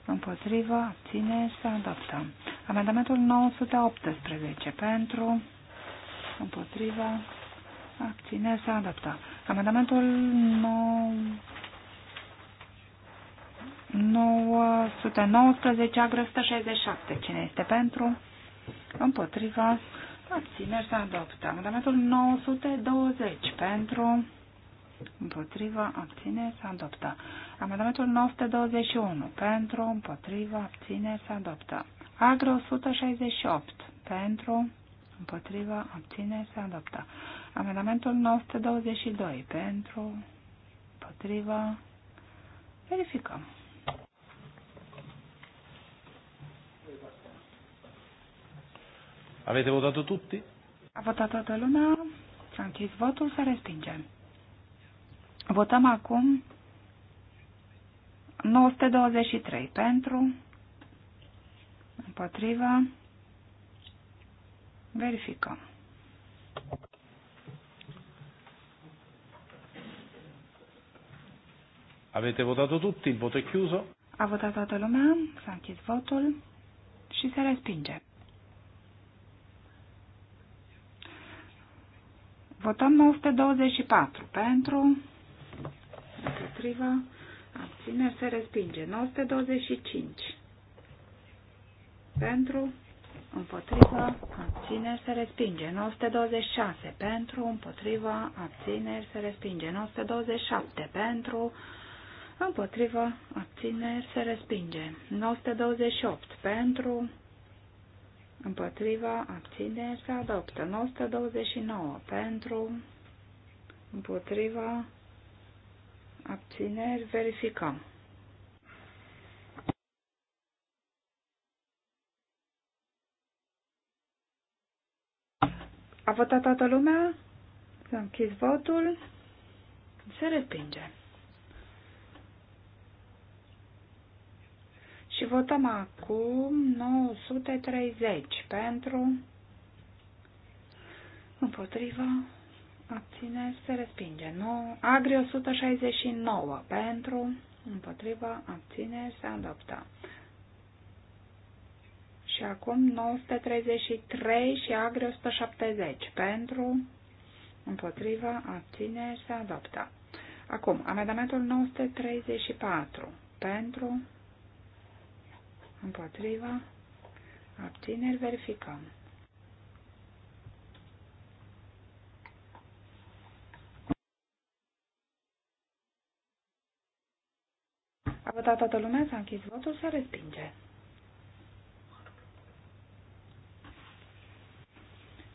[SPEAKER 4] împotrivă, abțineri, se adoptă. Amendamentul 918. Pentru, împotrivă, abțineri, se adoptă. Amendamentul 9... 919, agră 167. Cine este pentru? Împotriva. Abțineri se adoptă. Amendamentul 920 pentru. Împotriva, Abțineri se adoptă. Amendamentul 921. Pentru, împotriva, Abțineri se adoptă. Agro 168. Pentru, împotriva, Abțineri se adoptă. Amendamentul 922. Pentru, împotriva, verificăm. Avete votato tutti? A votat toată lumea. S-a închis votul, se respinge. Votăm acum 923 pentru, împotrivă, verificăm.
[SPEAKER 2] Avete votato tutti, il voto è chiuso.
[SPEAKER 4] A votat toată lumea, s-a închis votul și se respinge. Votăm 924 pentru, împotriva, abțineri se respinge. 925 pentru, împotriva, abțineri se respinge. 926 pentru, împotriva, abțineri se respinge. 927 pentru, împotriva, abțineri se respinge. 928 pentru, Împotriva, abțineri, se adoptă. 929 pentru, împotriva, abțineri, verificăm. A votat toată lumea? Să închis votul. Se respinge. Și votăm acum 930 pentru, împotriva, abțineri, se respinge. 9, agri 169 pentru, împotriva, abțineri, se adoptă. Și acum 933 și agri 170 pentru, împotriva, abțineri, se adoptă. Acum, amendamentul 934 pentru, împotriva, abțineri, verificăm. A votat toată lumea, s-a închis votul, se respinge.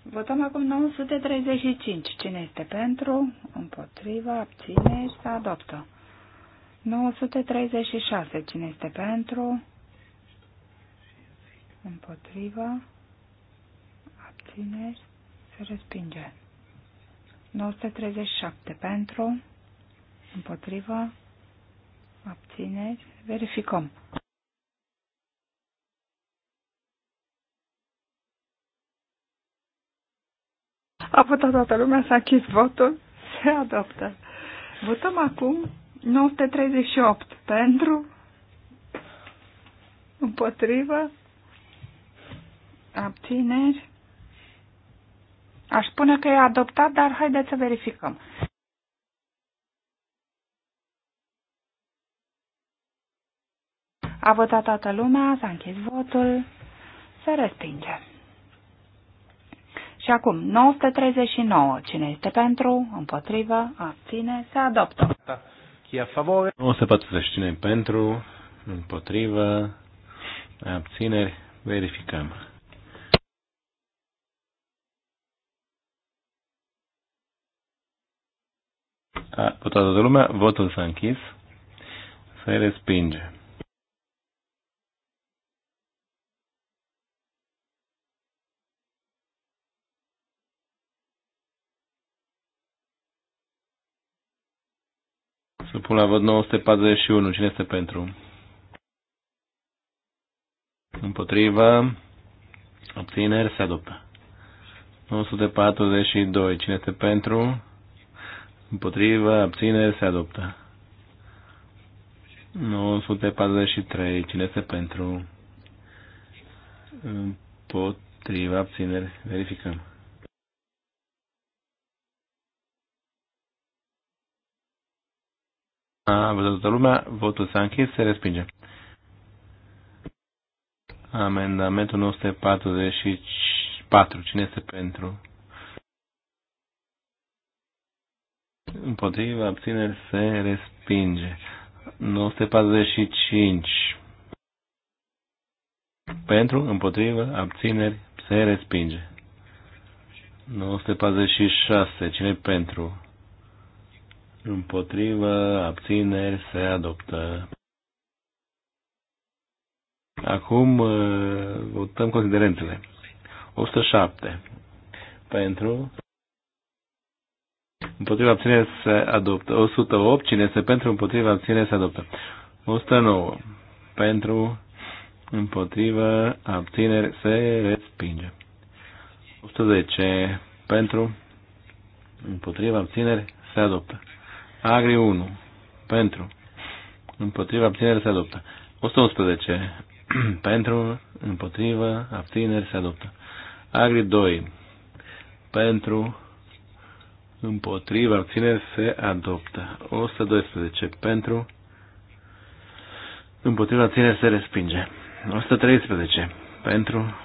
[SPEAKER 4] Votăm acum 935. Cine este pentru? Împotriva, abține, se adoptă. 936. Cine este pentru? împotriva, abțineri, se respinge. 937 pentru, împotriva, abțineri, verificăm. A votat toată lumea, s-a închis votul, se adoptă. Votăm acum 938 pentru, împotriva, abțineri. Aș spune că e adoptat, dar haideți să verificăm. A votat toată lumea, s-a închis votul, se respinge. Și acum, 939. Cine este pentru, împotrivă, abține, se adoptă.
[SPEAKER 2] Chi a favore?
[SPEAKER 1] 940. Cine pentru, împotrivă, abțineri, verificăm. A da, votat toată lumea, votul s-a închis, se respinge. Să pun la vot 941. Cine este pentru? Împotriva. Obțineri se adoptă. 942. Cine este pentru? Împotriva, abțineri, se adoptă. 943. Cine este pentru? Împotriva, abțineri, verificăm. A văzut toată lumea, votul s-a închis, se respinge. Amendamentul 944. Cine este pentru? Împotriva abțineri se respinge. 945. Pentru, împotriva abțineri se respinge. 946. Cine pentru? împotriva abțineri se adoptă. Acum uh, votăm considerentele. 107. Pentru împotriva abținere se adoptă. 108, cine este pentru, împotriva abținere se adoptă. 109, pentru, împotriva abținere se respinge. 110, pentru, împotriva abținere se adoptă. Agri 1, pentru, împotriva abținere se adoptă. 111, pentru, împotriva abținere se adoptă. Agri 2, pentru, împotriva, abțineri, se adoptă. 112 pentru, împotriva, abțineri, se respinge. 113 pentru,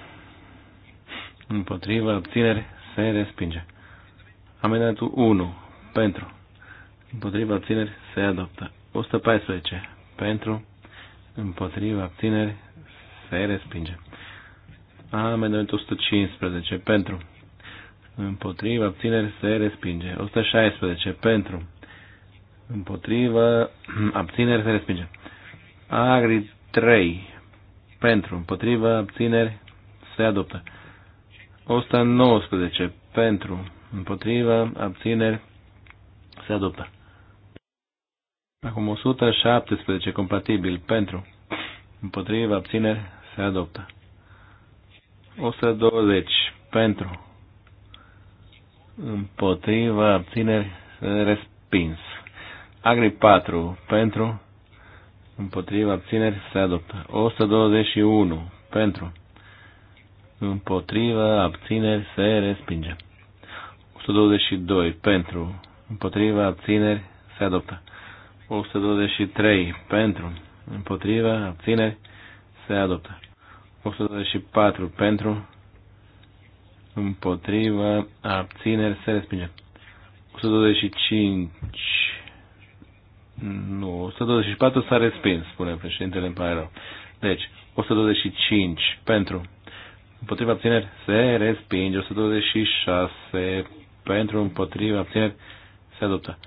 [SPEAKER 1] împotriva, abțineri, se respinge. Amendamentul 1 pentru, împotriva, abțineri, se adoptă. 114 pentru, împotriva, abțineri, se respinge. Amendamentul 115 pentru împotriva, abțineri se respinge. 116 pentru, împotriva, abțineri se respinge. Agri 3 pentru, împotriva, abțineri se adoptă. 119 pentru, împotriva, abțineri se adoptă. Acum 117 compatibil pentru, împotriva, abțineri se adoptă. 120 pentru, împotriva, abțineri, respins. Agri 4, pentru, împotriva, abțineri, se adoptă. 121, pentru, împotriva, abțineri, se respinge. 122, pentru, împotriva, abțineri, se adoptă. 123, pentru, împotriva, abțineri, se adoptă. 124, pentru, împotrivă, abțineri, se respinge. 125, nu, 124 s-a respins, spune președintele, în rău. Deci, 125 pentru, împotriva abțineri, se respinge, 126 pentru, împotriva abțineri, se adoptă.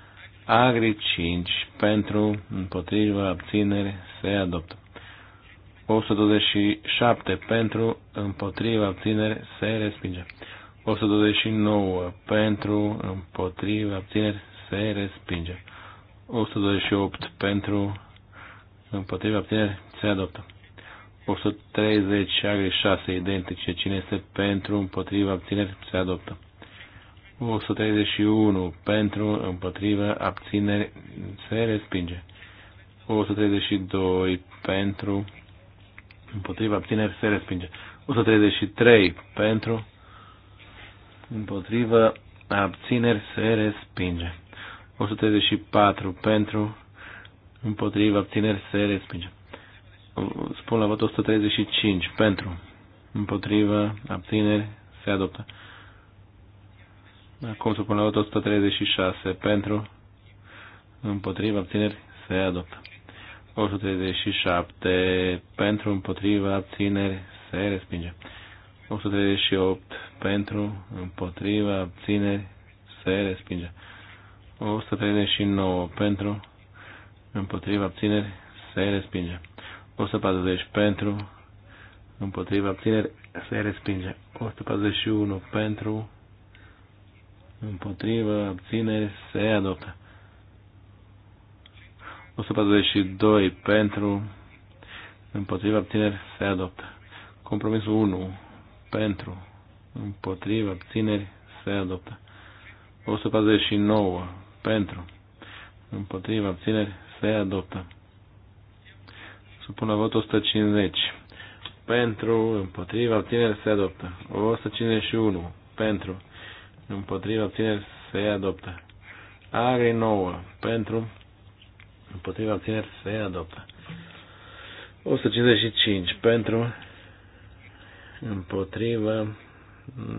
[SPEAKER 1] Agri 5 pentru, împotriva abțineri, se adoptă. 127 pentru, împotriva, abțineri, se respinge. 129 pentru, împotriva, abțineri, se respinge. 128 pentru, împotriva, abțineri, se adoptă. 130 agri 6 identice, cine este pentru, împotriva, abțineri, se adoptă. 131 pentru, împotriva, abțineri, se respinge. 132 pentru, împotriva abțineri se respinge. 133 pentru, împotriva abțineri se respinge. 134 pentru, împotriva abțineri se respinge. Spun la vot 135 pentru, împotriva abțineri se adoptă. Acum spun la vot 136 pentru, împotriva abțineri se adoptă. 137 pentru, împotriva, abțineri, se respinge. 138 pentru, împotriva, abțineri, se respinge. 139 pentru, împotriva, abțineri, se respinge. 140 pentru, împotriva, abțineri, se respinge. 141 pentru, împotriva, abțineri, se adoptă. 142 pentru, împotriva abțineri se adoptă. Compromisul 1 pentru, împotriva abțineri se adoptă. 149 pentru, împotriva abțineri se adoptă. Supun la vot 150 pentru, împotriva abțineri se adoptă. 151 pentru, împotriva abțineri se adoptă. Are 9 pentru, Împotriva abțineri se adoptă. 155 pentru. Împotriva.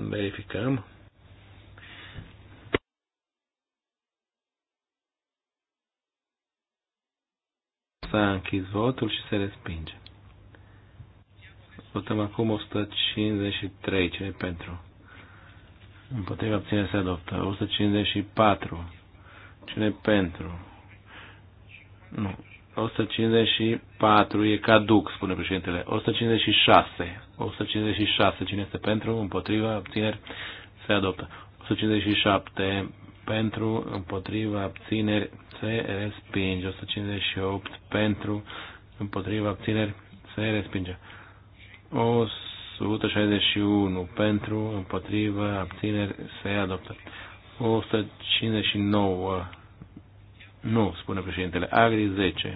[SPEAKER 1] Verificăm. S-a închis votul și se respinge. Votăm acum 153. Cine pentru? Împotriva abținere se adoptă. 154. Cine pentru? Nu. 154 e caduc, spune președintele. 156. 156. Cine este pentru? Împotriva? Abțineri? Se adoptă. 157 pentru, împotriva, abțineri, se respinge. 158 pentru, împotriva, abțineri, se respinge. 161 pentru, împotriva, abțineri, se adoptă. 159 nu, spune președintele. Agri 10.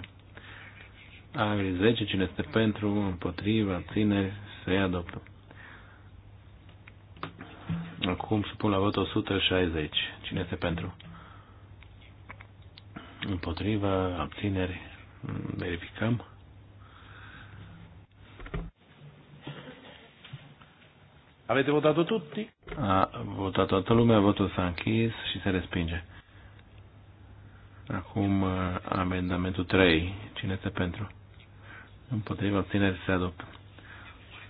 [SPEAKER 1] Agri 10, cine este pentru, împotriva, ține, se adoptă. Acum supun la vot 160. Cine este pentru? Împotriva, abțineri, verificăm.
[SPEAKER 2] Avete votat toți?
[SPEAKER 1] A votat toată lumea, votul s-a închis și se respinge. Acum uh, amendamentul 3. Cine este pentru? Împotriva obțineri se adoptă.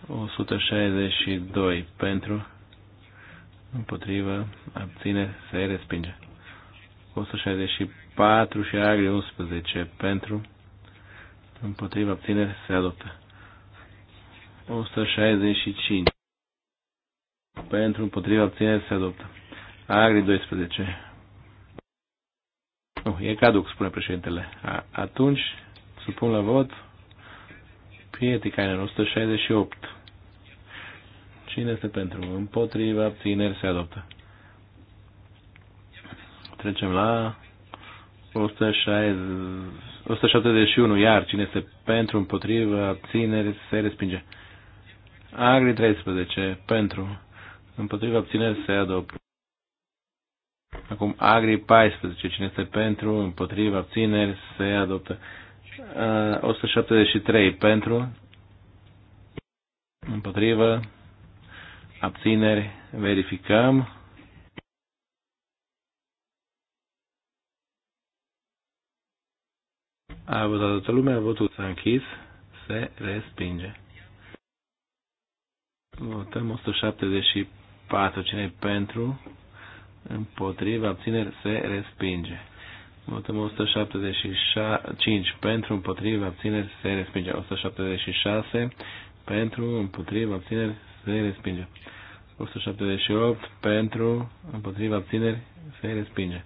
[SPEAKER 1] 162 pentru. Împotriva abține se respinge. 164 și agri 11 pentru. Împotriva abțineri se adoptă. 165 pentru împotriva abțineri se adoptă. Agri 12 nu, e caduc, spune președintele. A, atunci, supun la vot Pieticainen 168. Cine este pentru? Împotriva, abțineri, se adoptă. Trecem la 160, 171, iar cine este pentru, împotriva, abțineri, se respinge. Agri 13, pentru, împotriva, abțineri, se adoptă. Acum, Agri 14, cine este pentru, împotriva, abțineri, se adoptă. 173 uh, pentru, împotriva, abțineri, verificăm. A votat toată lumea, votul s-a închis, se respinge. Votăm 174, cine pentru, împotriva, abțineri, se respinge. Votăm 175 pentru, împotriva, abțineri, se respinge. 176 pentru, împotriva, abțineri, se respinge. 178 pentru, împotriva, abțineri, se respinge.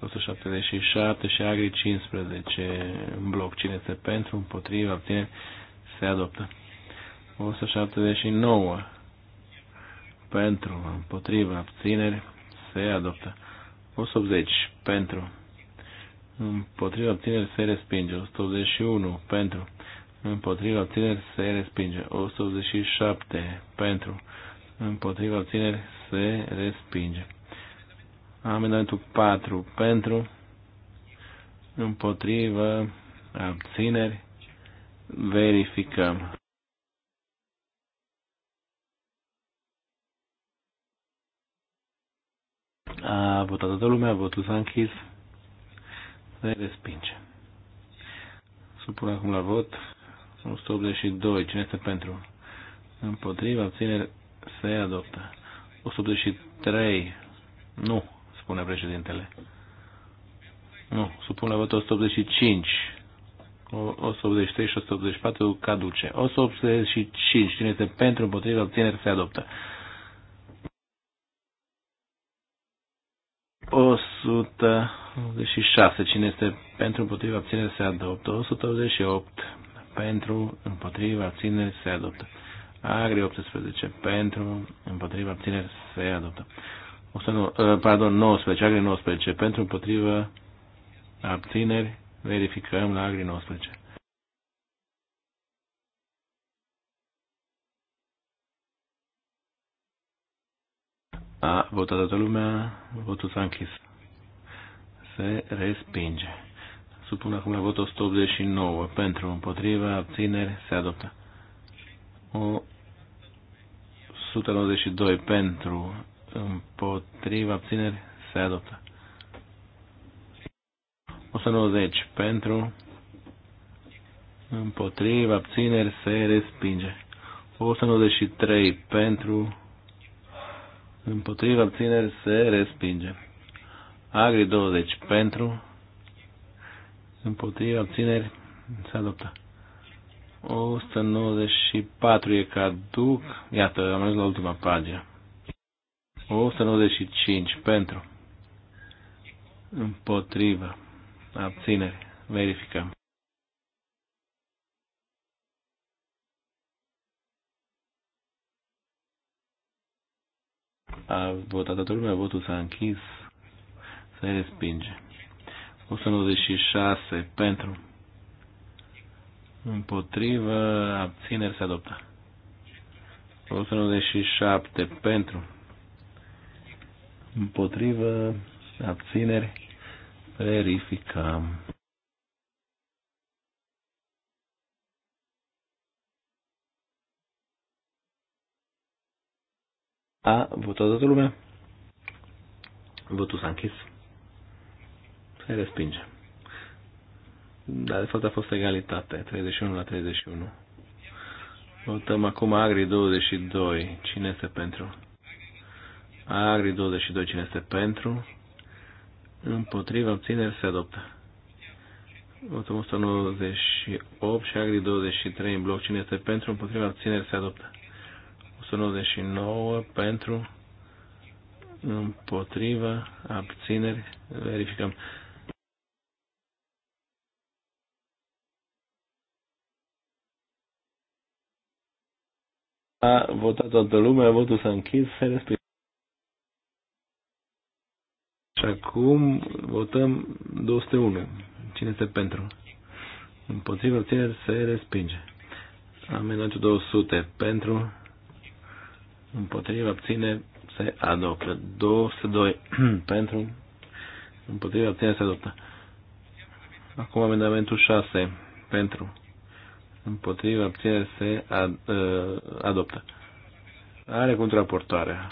[SPEAKER 1] 177 și agri 15 în bloc. Cine este pentru, împotriva, abțineri, se adoptă. 179 pentru, împotriva, abțineri, se adoptă. 180 pentru. Împotriva obțineri se respinge. 181 pentru. Împotriva obțineri se respinge. 187 pentru. Împotriva obțineri se respinge. Amendamentul 4 pentru. Împotriva abțineri verificăm. A votat toată lumea, votul s-a închis. Se respinge. Supun acum la vot 182. Cine este pentru? Împotriva, abțineri, se adoptă. 183. Nu, spune președintele. Nu, supun la vot 185. 183 și 184 caduce. 185. Cine este pentru, împotriva, abțineri, se adoptă. 186. Cine este pentru împotriva abținere se adoptă. 188. Pentru împotriva abținere se adoptă. Agri 18. Pentru împotriva abținere se adoptă. O să nu ă, pardon, 19. Agri 19. Pentru împotriva abțineri verificăm la Agri 19. A votat toată lumea, votul s-a închis se respinge. Supun acum la vot 189. Pentru, împotriva, abțineri, se adoptă. O 192 pentru, împotriva, abțineri, se adoptă. 190 pentru, împotriva, abțineri, se respinge. 193 pentru, împotriva, abțineri, se respinge. Agri 20 pentru, împotriva abțineri, se adoptă. 194 e caduc, iată, am ajuns la ultima pagină. 195 pentru, împotriva, abțineri, verificăm. A votat toată lumea, votul s-a închis. Se respinge. 196 pentru. Împotrivă, abțineri se adoptă. 197 pentru. Împotrivă, abțineri, verificăm. A votat toată lumea? Votul s-a închis. Se respinge. Dar de fapt a fost egalitate, 31 la 31. Votăm acum Agri 22. Cine este pentru? Agri 22. Cine este pentru? Împotriva obțineri se adoptă. Votăm 198 și Agri 23 în bloc. Cine este pentru? Împotriva obțineri se adoptă. 199 pentru împotriva abțineri verificăm A votat toată lumea, votul s-a închis, se respectă. Și acum votăm 201. Cine este pentru? Împotriva obțineri se respinge. Amenajul 200 pentru. Împotriva obține se adoptă. 202 pentru. Împotriva obține se adoptă. Acum amendamentul 6 pentru împotriva abținere se ad, ă, adoptă. Are contraportoarea.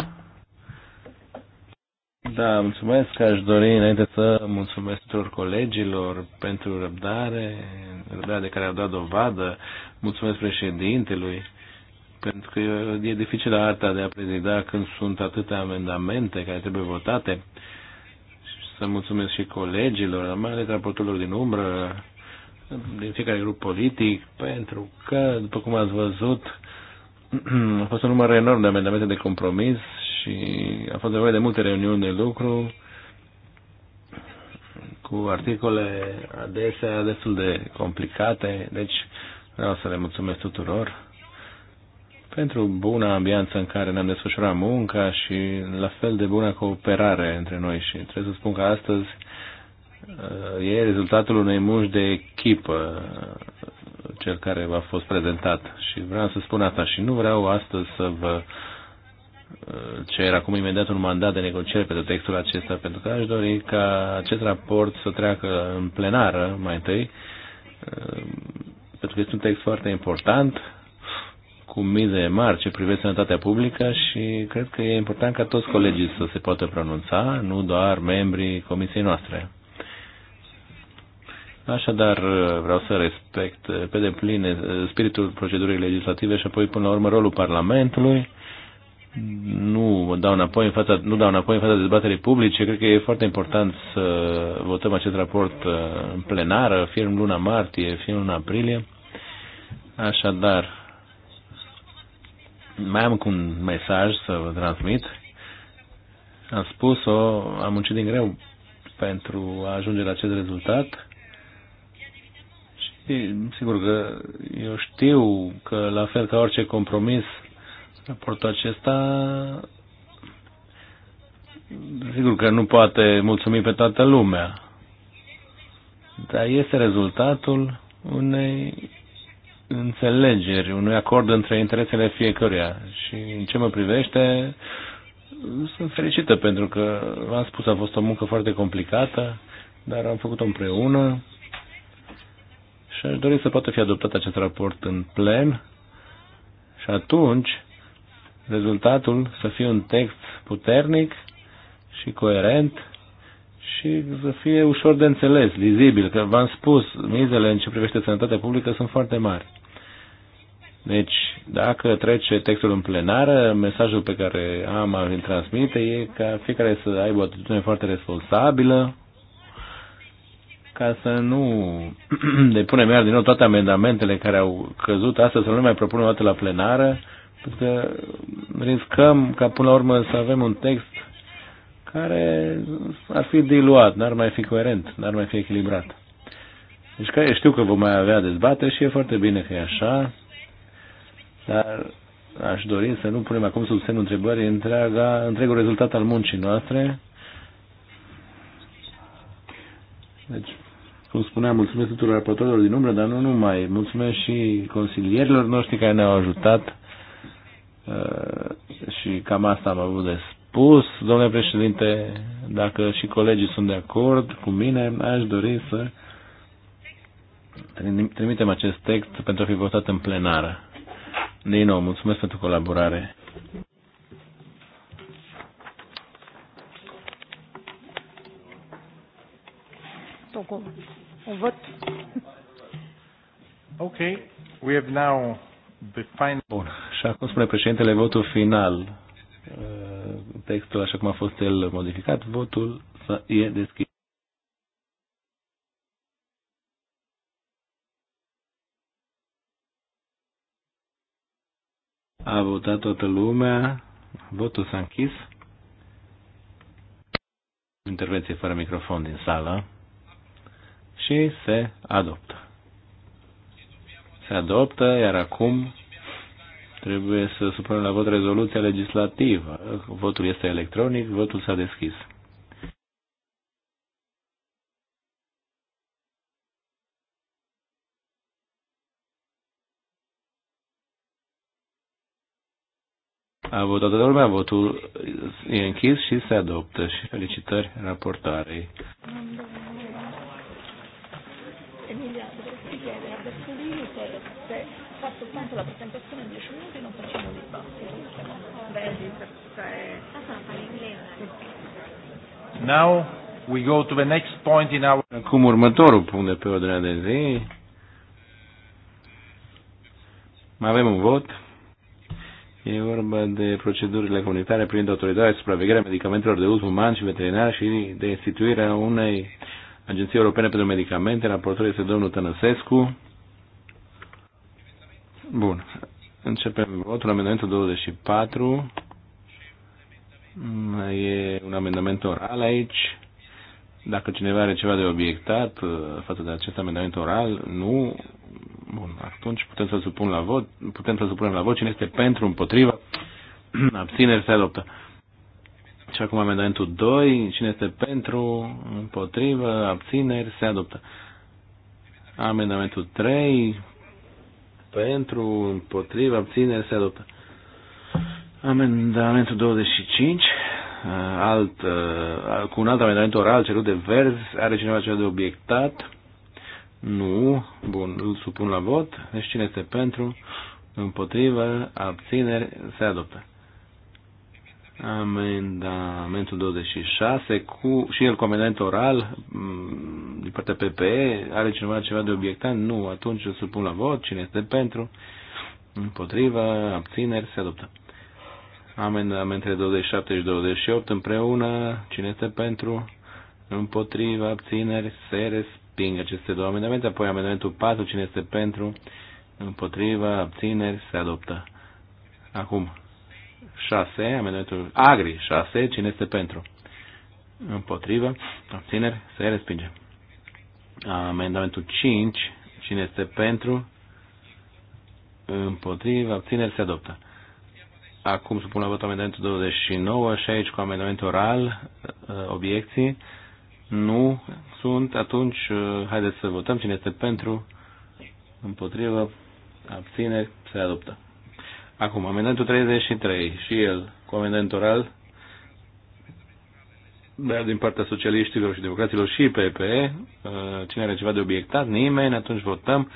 [SPEAKER 1] Da, mulțumesc. că Aș dori înainte să mulțumesc tuturor colegilor pentru răbdare, răbdare de care au dat dovadă. Mulțumesc președintelui, pentru că e dificilă arta de a prezida când sunt atâtea amendamente care trebuie votate. Să mulțumesc și colegilor, mai ales raportorilor din umbră, din fiecare grup politic, pentru că, după cum ați văzut, a fost un număr enorm de amendamente de compromis și a fost nevoie de multe reuniuni de lucru cu articole adesea destul de complicate, deci vreau să le mulțumesc tuturor pentru buna ambianță în care ne-am desfășurat munca și la fel de bună cooperare între noi și trebuie să spun că astăzi Uh, e rezultatul unei munci de echipă, cel care v-a fost prezentat. Și vreau să spun asta și nu vreau astăzi să vă uh, cer acum imediat un mandat de negociere pentru textul acesta, pentru că aș dori ca acest raport să treacă în plenară mai întâi, uh, pentru că este un text foarte important, cu mize mari ce privește sănătatea publică și cred că e important ca toți colegii să se poată pronunța, nu doar membrii comisiei noastre. Așadar, vreau să respect pe deplin eh, spiritul procedurii legislative și apoi, până la urmă, rolul Parlamentului. Nu dau înapoi în fața, nu dau înapoi în fața dezbaterii publice. Cred că e foarte important să votăm acest raport eh, în plenară, fie în luna martie, fie în luna aprilie. Așadar, mai am un mesaj să vă transmit. Am spus-o, am muncit din greu pentru a ajunge la acest rezultat Sigur că eu știu că, la fel ca orice compromis, raportul acesta sigur că nu poate mulțumi pe toată lumea. Dar este rezultatul unei înțelegeri, unui acord între interesele fiecăruia. Și în ce mă privește, sunt fericită pentru că, v-am spus, a fost o muncă foarte complicată, dar am făcut-o împreună și aș dori să poată fi adoptat acest raport în plen și atunci rezultatul să fie un text puternic și coerent și să fie ușor de înțeles, lizibil, că v-am spus, mizele în ce privește sănătatea publică sunt foarte mari. Deci, dacă trece textul în plenară, mesajul pe care am a-l transmite e ca fiecare să aibă o atitudine foarte responsabilă, ca să nu depunem iar din nou toate amendamentele care au căzut astăzi, să nu le mai propunem o dată la plenară, pentru că riscăm ca până la urmă să avem un text care ar fi diluat, n-ar mai fi coerent, n-ar mai fi echilibrat. Deci că știu că vom mai avea dezbatere și e foarte bine că e așa, dar aș dori să nu punem acum sub semnul întrebării întreaga, întregul rezultat al muncii noastre. Deci cum spuneam, mulțumesc tuturor raportorilor din umbră, dar nu numai, mulțumesc și consilierilor noștri care ne-au ajutat uh, și cam asta am avut de spus. Domnule președinte, dacă și colegii sunt de acord cu mine, aș dori să trimitem acest text pentru a fi votat în plenară. Din nou, mulțumesc pentru colaborare.
[SPEAKER 3] Togo. On vote.
[SPEAKER 2] Ok. We have now the final... Bun.
[SPEAKER 1] Și acum spune președintele votul final. Uh, textul așa cum a fost el modificat, votul e deschis. A votat toată lumea. Votul s-a închis. Intervenție fără microfon din sală și se adoptă. Se adoptă, iar acum trebuie să supunem la vot rezoluția legislativă. Votul este electronic, votul s-a deschis. A votat toată lumea, votul e închis și se adoptă. Și felicitări raportoarei.
[SPEAKER 4] se fa soltanto la presentazione in 10 minuti non facciamo
[SPEAKER 2] Now we go to the next point in our... Acum următorul
[SPEAKER 1] punct de pe ordinea de zi. Mai avem un vot. E vorba de procedurile comunitare privind de supraveghere a medicamentelor de uz uman și veterinar și de instituirea unei agenții Europene pentru Medicamente. raportul este domnul Tănăsescu. Bun. Începem votul. Amendamentul 24 e un amendament oral aici. Dacă cineva are ceva de obiectat uh, față de acest amendament oral, nu. Bun, atunci putem să supun la vot, putem să supunem la vot cine este pentru, împotriva, abțineri se adoptă. Și acum amendamentul 2, cine este pentru, împotrivă, abțineri, se adoptă. Amendamentul 3, pentru, împotriva, abțineri, se adoptă. Amendamentul 25, uh, alt, uh, cu un alt amendament oral cerut de verzi, are cineva ceva de obiectat? Nu. Bun, îl supun la vot. Deci cine este pentru, împotriva, abțineri, se adoptă amendamentul 26 cu, și el comandament oral mm, din partea PPE. Are cineva ceva de obiectat? Nu. Atunci îl supun la vot. Cine este pentru? împotriva, Abțineri? Se adoptă. Amendamentele 27 și 28 împreună. Cine este pentru? împotriva, Abțineri? Se resping aceste două amendamente. Apoi amendamentul 4. Cine este pentru? împotriva, Abțineri? Se adoptă. Acum, 6, amendamentul Agri 6, cine este pentru? Împotrivă, abțineri, se respinge. Amendamentul 5, cine este pentru? Împotrivă, abțineri, se adoptă. Acum supun la vot amendamentul 29 și aici cu amendament oral, uh, obiecții. Nu sunt, atunci uh, haideți să votăm cine este pentru, împotrivă, abțineri, se adoptă. Acum, amendamentul 33 și el, cu amendamentul oral, dar din partea socialiștilor și democraților și PPE, uh, cine are ceva de obiectat, nimeni, atunci votăm.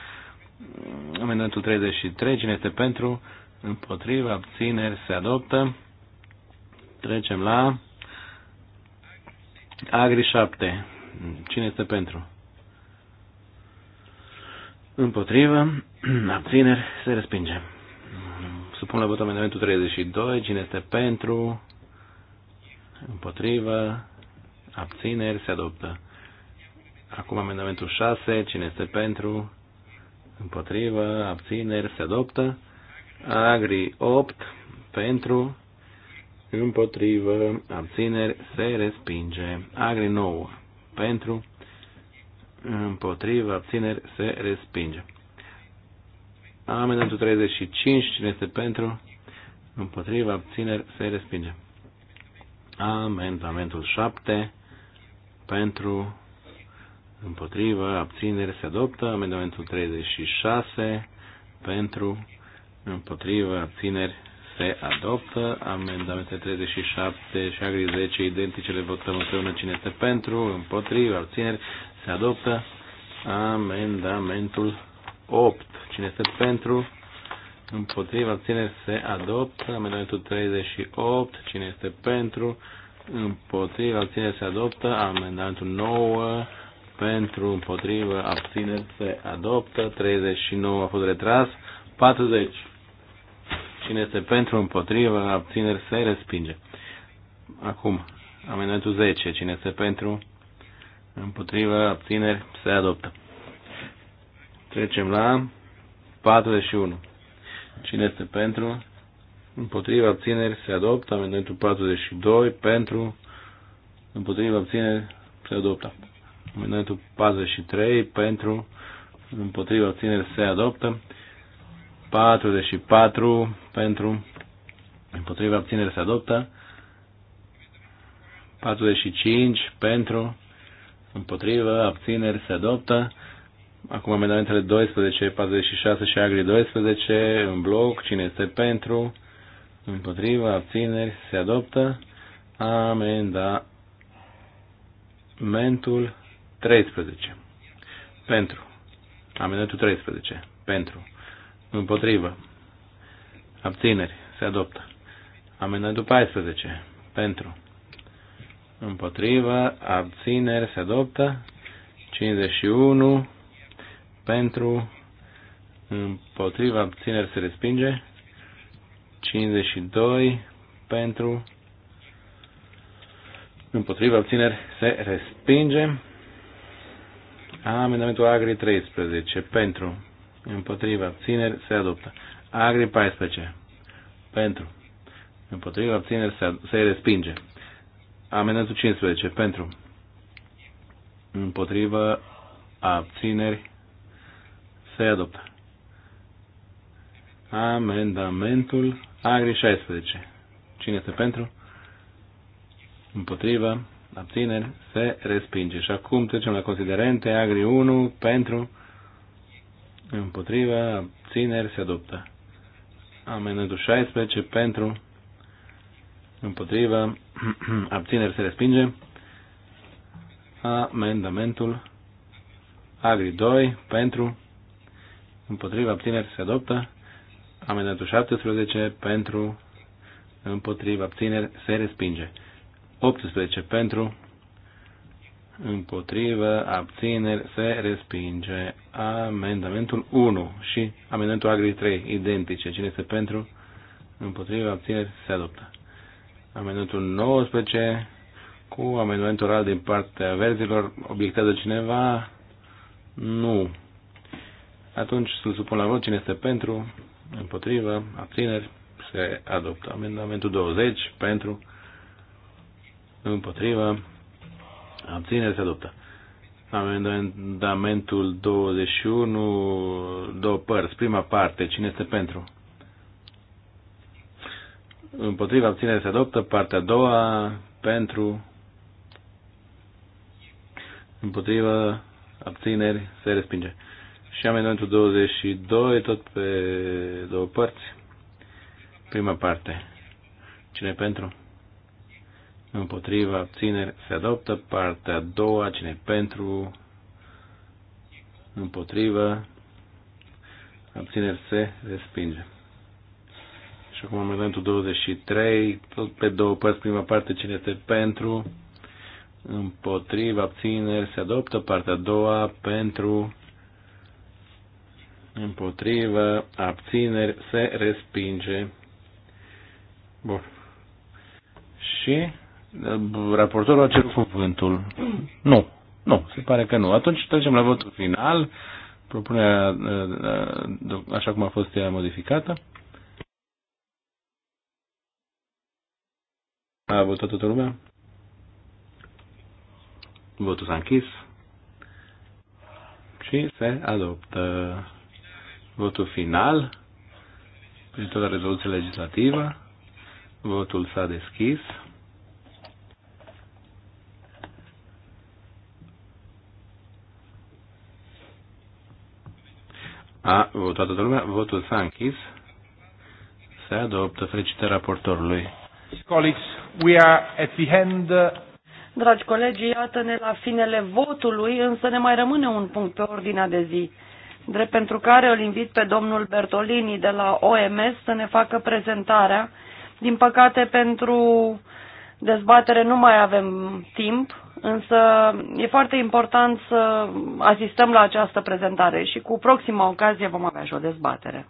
[SPEAKER 1] Amendamentul 33, cine este pentru, împotriva, abțineri, se adoptă. Trecem la Agri 7. Cine este pentru? Împotrivă, abțineri, se respingem. Supun la vot amendamentul 32. Cine este pentru? Împotrivă? Abțineri? Se adoptă. Acum amendamentul 6. Cine este pentru? Împotrivă? Abțineri? Se adoptă. Agri 8. Pentru? Împotrivă? Abțineri? Se respinge. Agri 9. Pentru? Împotrivă? Abțineri? Se respinge. Amen Pentru 35, cine este pentru? Împotriva, abțineri, se respinge. Amendamentul 7, pentru, împotriva, abțineri, se adoptă. Amendamentul 36, pentru, împotriva, abțineri, se adoptă. Amendamente 37 și agri 10 identice le votăm împreună cine este pentru, împotriva, abțineri, se adoptă. Amendamentul 8 Cine este pentru? Împotriva ține se adoptă. Amendamentul 38. Cine este pentru? Împotriva ține se adoptă. Amendamentul 9. Pentru, împotrivă, abțineri se adoptă. 39 a fost retras. 40. Cine este pentru, împotrivă, abțineri se respinge. Acum, amendamentul 10. Cine este pentru, împotrivă, abțineri se adoptă. Trecem la 41. Cine este pentru? Împotriva abțineri se adoptă. Amendamentul 42 pentru. Împotriva abțineri se adoptă. Amendamentul 43 pentru. Împotriva abțineri se adoptă. 44 pentru. Împotriva abțineri se adoptă. 45 pentru. Împotriva abțineri se adoptă. Acum amendamentele 12, 46 și agri 12 în bloc. Cine este pentru? Împotriva, abțineri, se adoptă. Amendamentul 13. Pentru. Amendamentul 13. Pentru. împotriva, Abțineri. Se adoptă. Amendamentul 14. Pentru. împotriva, Abțineri. Se adoptă. 51 pentru, împotriva, abțineri se respinge, 52 pentru, împotriva, abțineri se respinge, amendamentul Agri 13 pentru, împotriva, abțineri se adoptă, Agri 14 pentru, împotriva, abțineri se, se respinge, amendamentul 15 pentru, împotriva, abțineri se adoptă. Amendamentul Agri 16. Cine este pentru? Împotrivă. Abțineri. Se respinge. Și acum trecem la considerente. Agri 1. Pentru. Împotrivă. Abțineri. Se adoptă. Amendamentul 16. Pentru. Împotrivă. Abțineri. Se respinge. Amendamentul Agri 2. Pentru împotriva abțineri se adoptă. Amendamentul 17 pentru împotriva abțineri se respinge. 18 pentru împotriva abțineri, se respinge. Amendamentul 1 și amendamentul agri 3, identice. Cine este pentru, împotriva abțineri, se adoptă. Amendamentul 19 cu amendamentul oral din partea verzilor. Obiectează cineva? Nu. Atunci să-l supun la vot cine este pentru, împotrivă, abțineri, se adoptă. Amendamentul 20 pentru, împotrivă, abțineri, se adoptă. Amendamentul 21, două părți, prima parte, cine este pentru? Împotriva abținere se adoptă, partea a doua, pentru, împotriva abțineri se respinge și amendamentul 22, tot pe două părți. Prima parte. Cine pentru? Împotriva, abțineri, se adoptă. Partea a doua, cine pentru? Împotriva, abțineri, se respinge. Și acum amendamentul 23, tot pe două părți, prima parte, cine este pentru? Împotriva, abțineri, se adoptă. Partea a doua, pentru? împotrivă, abțineri, se respinge. Bun. Și uh, raportorul a cerut cuvântul. Nu, nu, se pare că nu. Atunci trecem la votul final. Propunerea, uh, uh, așa cum a fost ea modificată. A votat toată lumea? Votul s-a închis și se adoptă. Votul final prin toată rezoluția legislativă. Votul s-a deschis. A votat toată lumea, votul s-a închis. Se adoptă. Felicitări raportorului.
[SPEAKER 3] Colleagues, we are at the end Dragi colegi, iată-ne la finele votului, însă ne mai rămâne un punct pe ordinea de zi drept pentru care îl invit pe domnul Bertolini de la OMS să ne facă prezentarea. Din păcate, pentru dezbatere nu mai avem timp, însă e foarte important să asistăm la această prezentare și cu proxima ocazie vom avea și o dezbatere.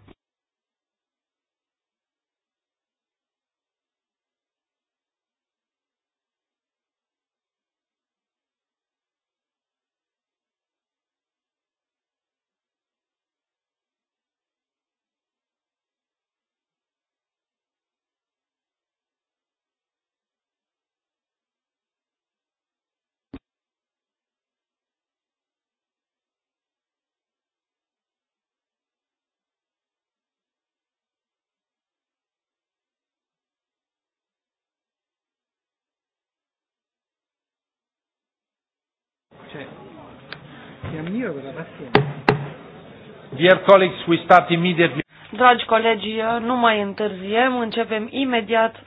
[SPEAKER 2] Dear colleagues, we start immediately.
[SPEAKER 3] Dragi colegi, nu mai întârziem, începem imediat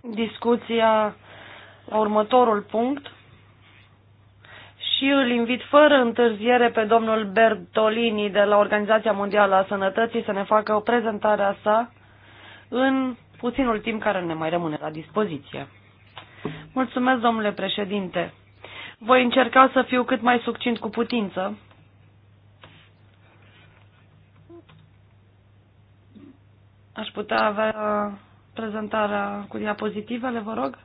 [SPEAKER 3] discuția la următorul punct și îl invit fără întârziere pe domnul Bertolini de la Organizația Mondială a Sănătății să ne facă o prezentare a sa în puținul timp care ne mai rămâne la dispoziție. Mulțumesc, domnule președinte. Voi încerca să fiu cât mai succint cu putință. Aș putea avea prezentarea cu diapozitivele, vă rog?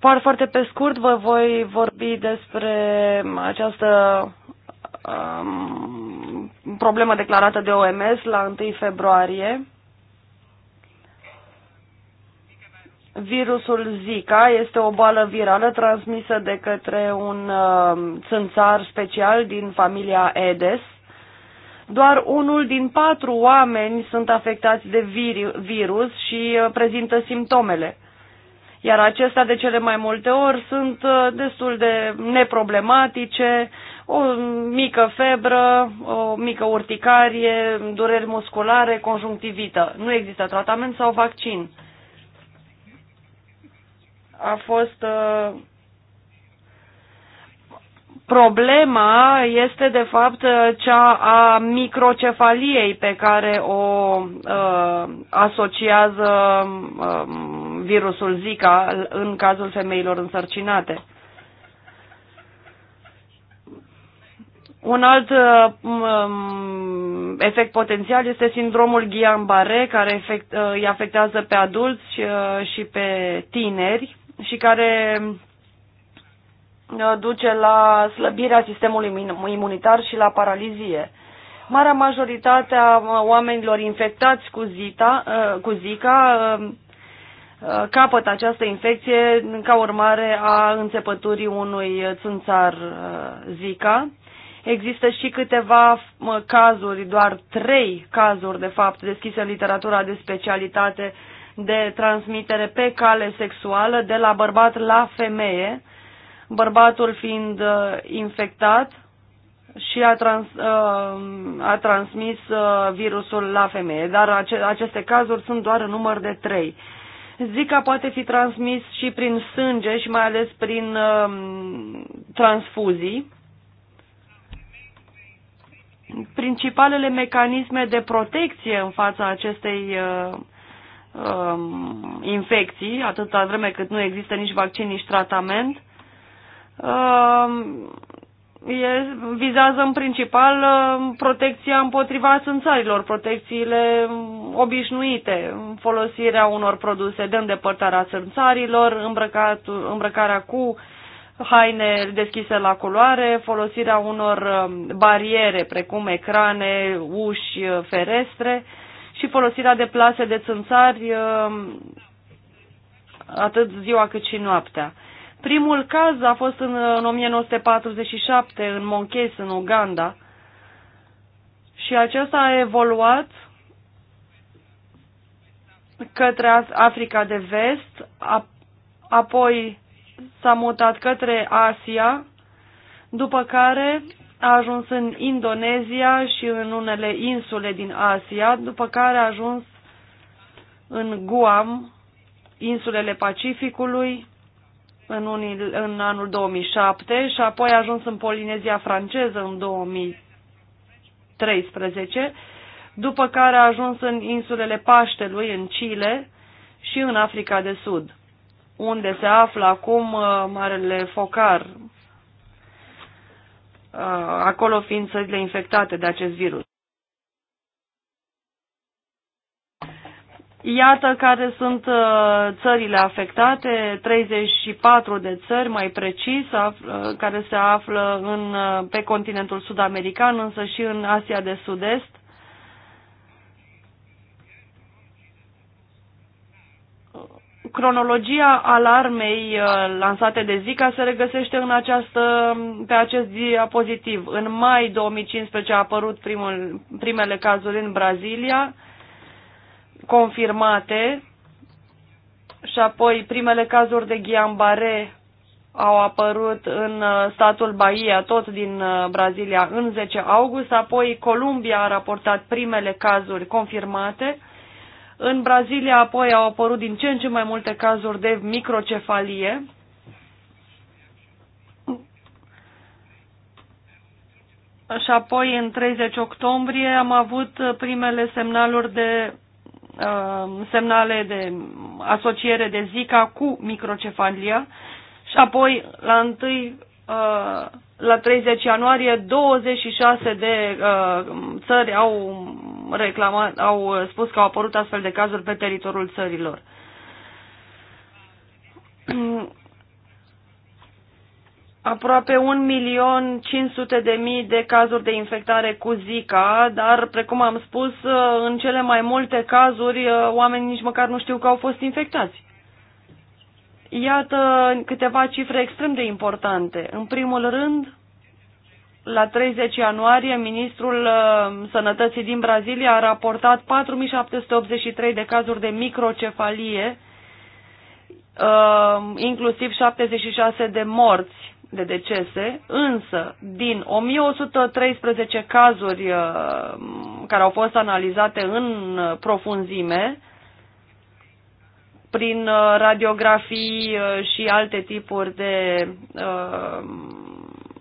[SPEAKER 3] Par foarte pe scurt, vă voi vorbi despre această um, problemă declarată de OMS la 1 februarie. Virusul Zika este o boală virală transmisă de către un uh, țânțar special din familia Edes. Doar unul din patru oameni sunt afectați de virus și uh, prezintă simptomele. Iar acestea de cele mai multe ori sunt uh, destul de neproblematice, o mică febră, o mică urticarie, dureri musculare, conjunctivită. Nu există tratament sau vaccin. A fost uh, Problema este de fapt cea a microcefaliei pe care o uh, asociază um, virusul Zika în cazul femeilor însărcinate. Un alt uh, um, efect potențial este sindromul Guillain-Barré, care efect, uh, îi afectează pe adulți uh, și pe tineri și care uh, duce la slăbirea sistemului imunitar și la paralizie. Marea majoritate a uh, oamenilor infectați cu, Zita, uh, cu Zika uh, Uh, capăt această infecție ca urmare a înțepăturii unui țânțar uh, Zika. Există și câteva cazuri, doar trei cazuri, de fapt, deschise în literatura de specialitate de transmitere pe cale sexuală de la bărbat la femeie, bărbatul fiind uh, infectat și a, trans, a transmis virusul la femeie, dar aceste cazuri sunt doar în număr de trei. Zica poate fi transmis și prin sânge și mai ales prin uh, transfuzii. Principalele mecanisme de protecție în fața acestei uh, uh, infecții, atâta vreme cât nu există nici vaccin, nici tratament, uh, el vizează în principal uh, protecția împotriva țânțarilor, protecțiile obișnuite, folosirea unor produse de îndepărtare a țânțarilor, îmbrăcat, îmbrăcarea cu haine deschise la culoare, folosirea unor um, bariere precum ecrane, uși, uh, ferestre și folosirea de plase de țânțari um, atât ziua cât și noaptea. Primul caz a fost în, în 1947 în Monkeys, în Uganda. Și acesta a evoluat către Africa de Vest, apoi s-a mutat către Asia, după care a ajuns în Indonezia și în unele insule din Asia, după care a ajuns în Guam, insulele Pacificului, în, unii, în anul 2007 și apoi a ajuns în Polinezia franceză în 2013, după care a ajuns în insulele Paștelui, în Chile și în Africa de Sud, unde se află acum uh, Marele Focar, uh, acolo fiind țările infectate de acest virus. Iată care sunt uh, țările afectate, 34 de țări mai precis, uh, care se află în, uh, pe continentul sud-american, însă și în Asia de Sud-Est. Cronologia alarmei lansate de Zika se regăsește în această, pe acest diapozitiv. În mai 2015 a apărut primul, primele cazuri în Brazilia, confirmate și apoi primele cazuri de ghiambare au apărut în uh, statul Bahia, tot din uh, Brazilia, în 10 august, apoi Columbia a raportat primele cazuri confirmate, în Brazilia apoi au apărut din ce în ce mai multe cazuri de microcefalie, și apoi în 30 octombrie am avut primele semnaluri de Um, semnale de asociere de Zika cu microcefalia și apoi la 1 uh, la 30 ianuarie 26 de uh, țări au reclamat, au spus că au apărut astfel de cazuri pe teritoriul țărilor aproape 1.500.000 de cazuri de infectare cu Zika, dar, precum am spus, în cele mai multe cazuri oamenii nici măcar nu știu că au fost infectați. Iată câteva cifre extrem de importante. În primul rând, la 30 ianuarie, ministrul uh, sănătății din Brazilia a raportat 4.783 de cazuri de microcefalie, uh, inclusiv 76 de morți de decese, însă din 1113 cazuri uh, care au fost analizate în profunzime, prin uh, radiografii uh, și alte tipuri de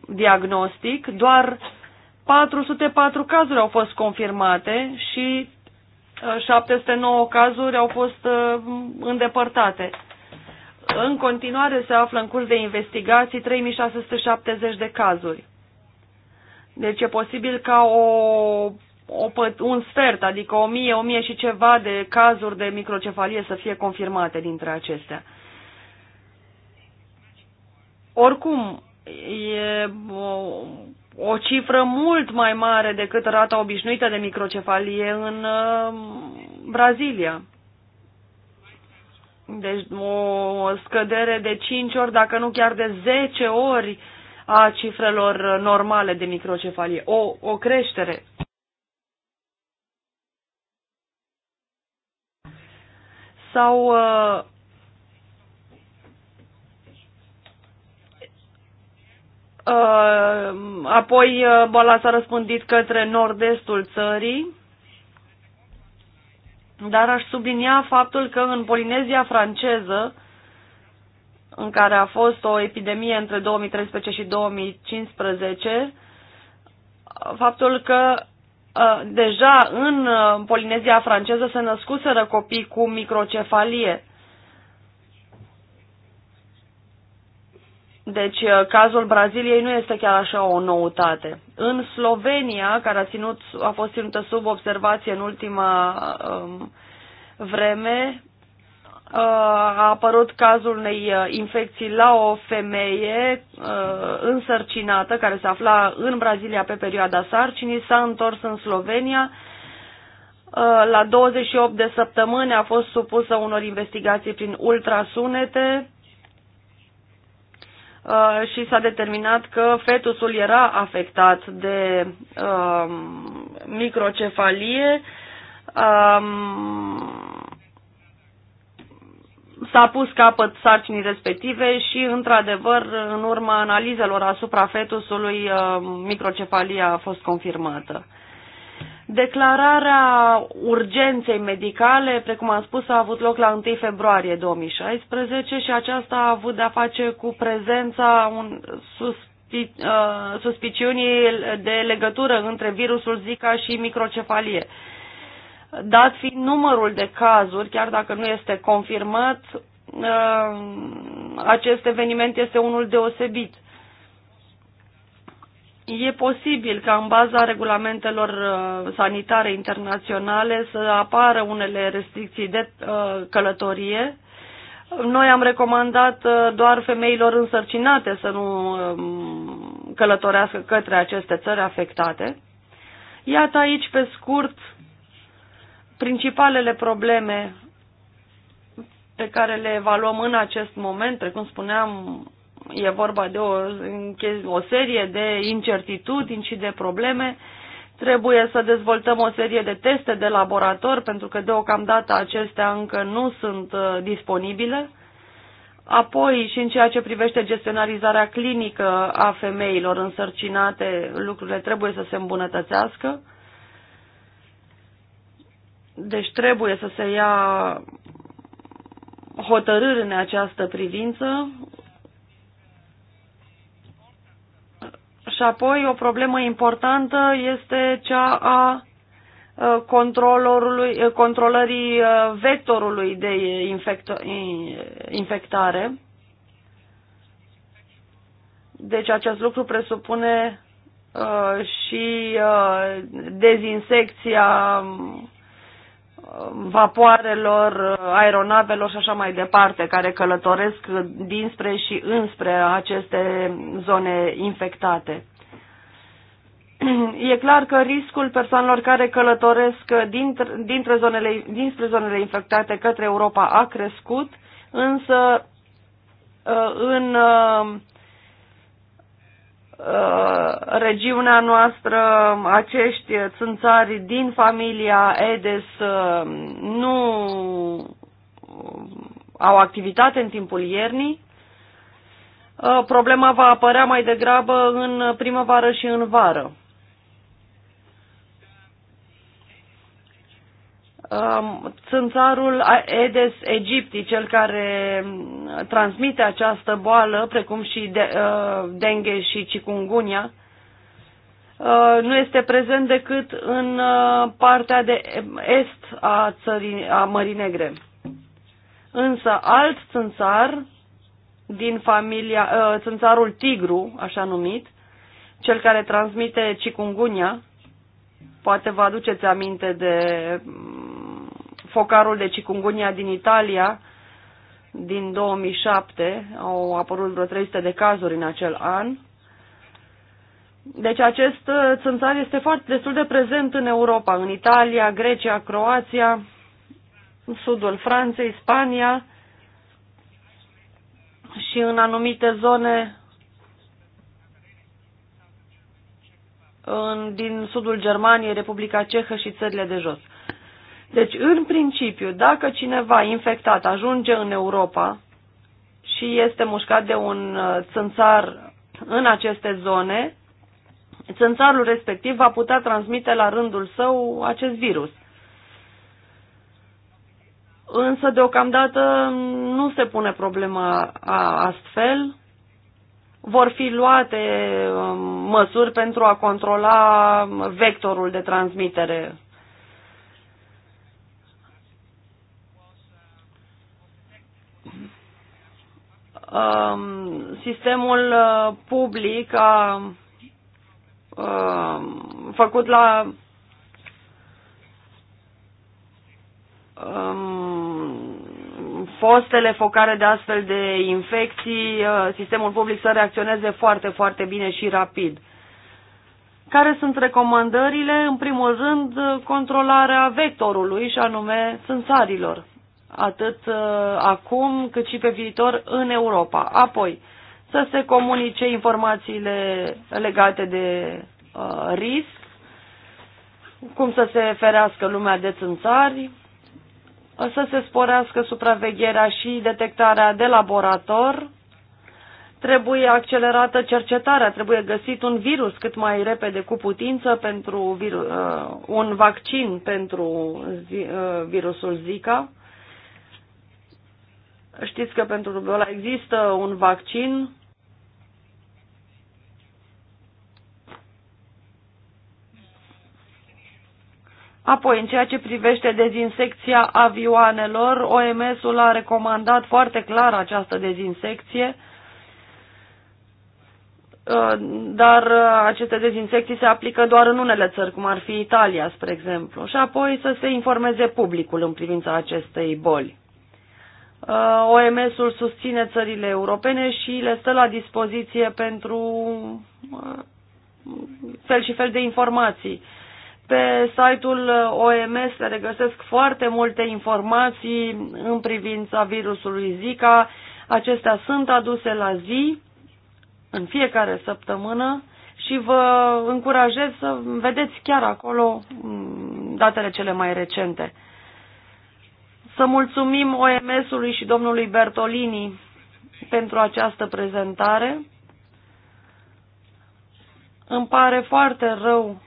[SPEAKER 3] diagnostic, doar 404 cazuri au fost confirmate și 709 cazuri au fost îndepărtate. În continuare se află în curs de investigații 3670 de cazuri. Deci e posibil ca o, o, un sfert, adică 1000, 1000 și ceva de cazuri de microcefalie să fie confirmate dintre acestea. Oricum, e o, o cifră mult mai mare decât rata obișnuită de microcefalie în uh, Brazilia. Deci o scădere de 5 ori, dacă nu chiar de 10 ori a cifrelor normale de microcefalie. O, o creștere. Sau uh, uh, apoi uh, boala s-a răspândit către nord-estul țării dar aș sublinia faptul că în Polinezia franceză, în care a fost o epidemie între 2013 și 2015, faptul că ă, deja în ă, Polinezia franceză se născuseră copii cu microcefalie. Deci uh, cazul Braziliei nu este chiar așa o noutate. În Slovenia, care a, ținut, a fost ținută sub observație în ultima um, vreme, uh, a apărut cazul unei uh, infecții la o femeie însărcinată care se afla în Brazilia pe perioada sarcinii, s-a întors în Slovenia. La 28 de săptămâni a fost supusă unor investigații prin ultrasunete Uh, și s-a determinat că fetusul era afectat de um, microcefalie. Um, s-a pus capăt sarcinii respective și, într-adevăr, în urma analizelor asupra fetusului, um, microcefalia a fost confirmată. Declararea urgenței medicale, precum am spus, a avut loc la 1 februarie 2016 și aceasta a avut de-a face cu prezența un suspi, uh, suspiciunii de legătură între virusul Zika și microcefalie. Dat fiind numărul de cazuri, chiar dacă nu este confirmat, uh, acest eveniment este unul deosebit. Uh, E posibil ca în baza regulamentelor uh, sanitare internaționale să apară unele restricții de uh, călătorie. Noi am recomandat uh, doar femeilor însărcinate să nu um, călătorească către aceste țări afectate. Iată aici, pe scurt, principalele probleme pe care le evaluăm în acest moment, precum spuneam, e vorba de o, o serie de incertitudini și de probleme. Trebuie să dezvoltăm o serie de teste de laborator, pentru că deocamdată acestea încă nu sunt uh, disponibile. Apoi și în ceea ce privește gestionalizarea clinică a femeilor însărcinate, lucrurile trebuie să se îmbunătățească. Deci trebuie să se ia hotărâri în această privință. Și apoi o problemă importantă este cea a controlorului, controlării vectorului de infectare. Deci acest lucru presupune uh, și uh, dezinsecția vapoarelor, aeronavelor și așa mai departe, care călătoresc dinspre și înspre aceste zone infectate. E clar că riscul persoanelor care călătoresc dintre, dintre zonele, dinspre zonele infectate către Europa a crescut, însă uh, în uh, regiunea noastră acești țânțari din familia Edes uh, nu au activitate în timpul iernii. Problema va apărea mai degrabă în primăvară și în vară. țânțarul um, Edes Egipti, cel care um, transmite această boală, precum și de, uh, dengue și chikungunya, uh, nu este prezent decât în uh, partea de est a, țării, a Mării Negre. Însă alt țânțar din familia, țânțarul tigru, așa numit, cel care transmite chikungunya, poate vă aduceți aminte de um, focarul de cicungunia din Italia din 2007. Au apărut vreo 300 de cazuri în acel an. Deci acest uh, țânțar este foarte destul de prezent în Europa, în Italia, Grecia, Croația, sudul Franței, Spania și în anumite zone în, din sudul Germaniei, Republica Cehă și țările de jos. Deci, în principiu, dacă cineva infectat ajunge în Europa și este mușcat de un uh, țânțar în aceste zone, țânțarul respectiv va putea transmite la rândul său acest virus. Însă, deocamdată, nu se pune problema astfel. Vor fi luate um, măsuri pentru a controla vectorul de transmitere Um, sistemul uh, public a um, făcut la um, fostele focare de astfel de infecții, uh, sistemul public să reacționeze foarte, foarte bine și rapid. Care sunt recomandările? În primul rând, controlarea vectorului și anume țânțarilor atât uh, acum cât și pe viitor în Europa. Apoi, să se comunice informațiile legate de uh, risc, cum să se ferească lumea de țânțari, uh, să se sporească supravegherea și detectarea de laborator, trebuie accelerată cercetarea, trebuie găsit un virus cât mai repede cu putință pentru virus, uh, un vaccin pentru zi, uh, virusul Zika. Știți că pentru rubeola există un vaccin. Apoi, în ceea ce privește dezinsecția avioanelor, OMS-ul a recomandat foarte clar această dezinsecție uh, dar uh, aceste dezinsecții se aplică doar în unele țări, cum ar fi Italia, spre exemplu, și apoi să se informeze publicul în privința acestei boli. Uh, OMS-ul susține țările europene și le stă la dispoziție pentru uh, fel și fel de informații. Pe site-ul OMS se regăsesc foarte multe informații în privința virusului Zika. Acestea sunt aduse la zi în fiecare săptămână și vă încurajez să vedeți chiar acolo mm, datele cele mai recente. Să mulțumim OMS-ului și domnului Bertolini pentru această prezentare. Îmi pare foarte rău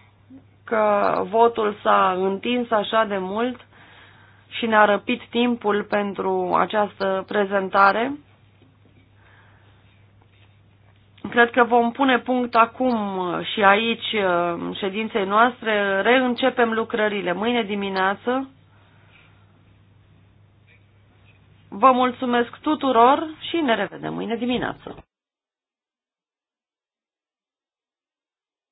[SPEAKER 3] că votul s-a întins așa de mult și ne-a răpit timpul pentru această prezentare. Cred că vom pune punct acum și aici ședinței noastre. Reîncepem lucrările mâine dimineață Vă mulțumesc tuturor și ne revedem mâine dimineață.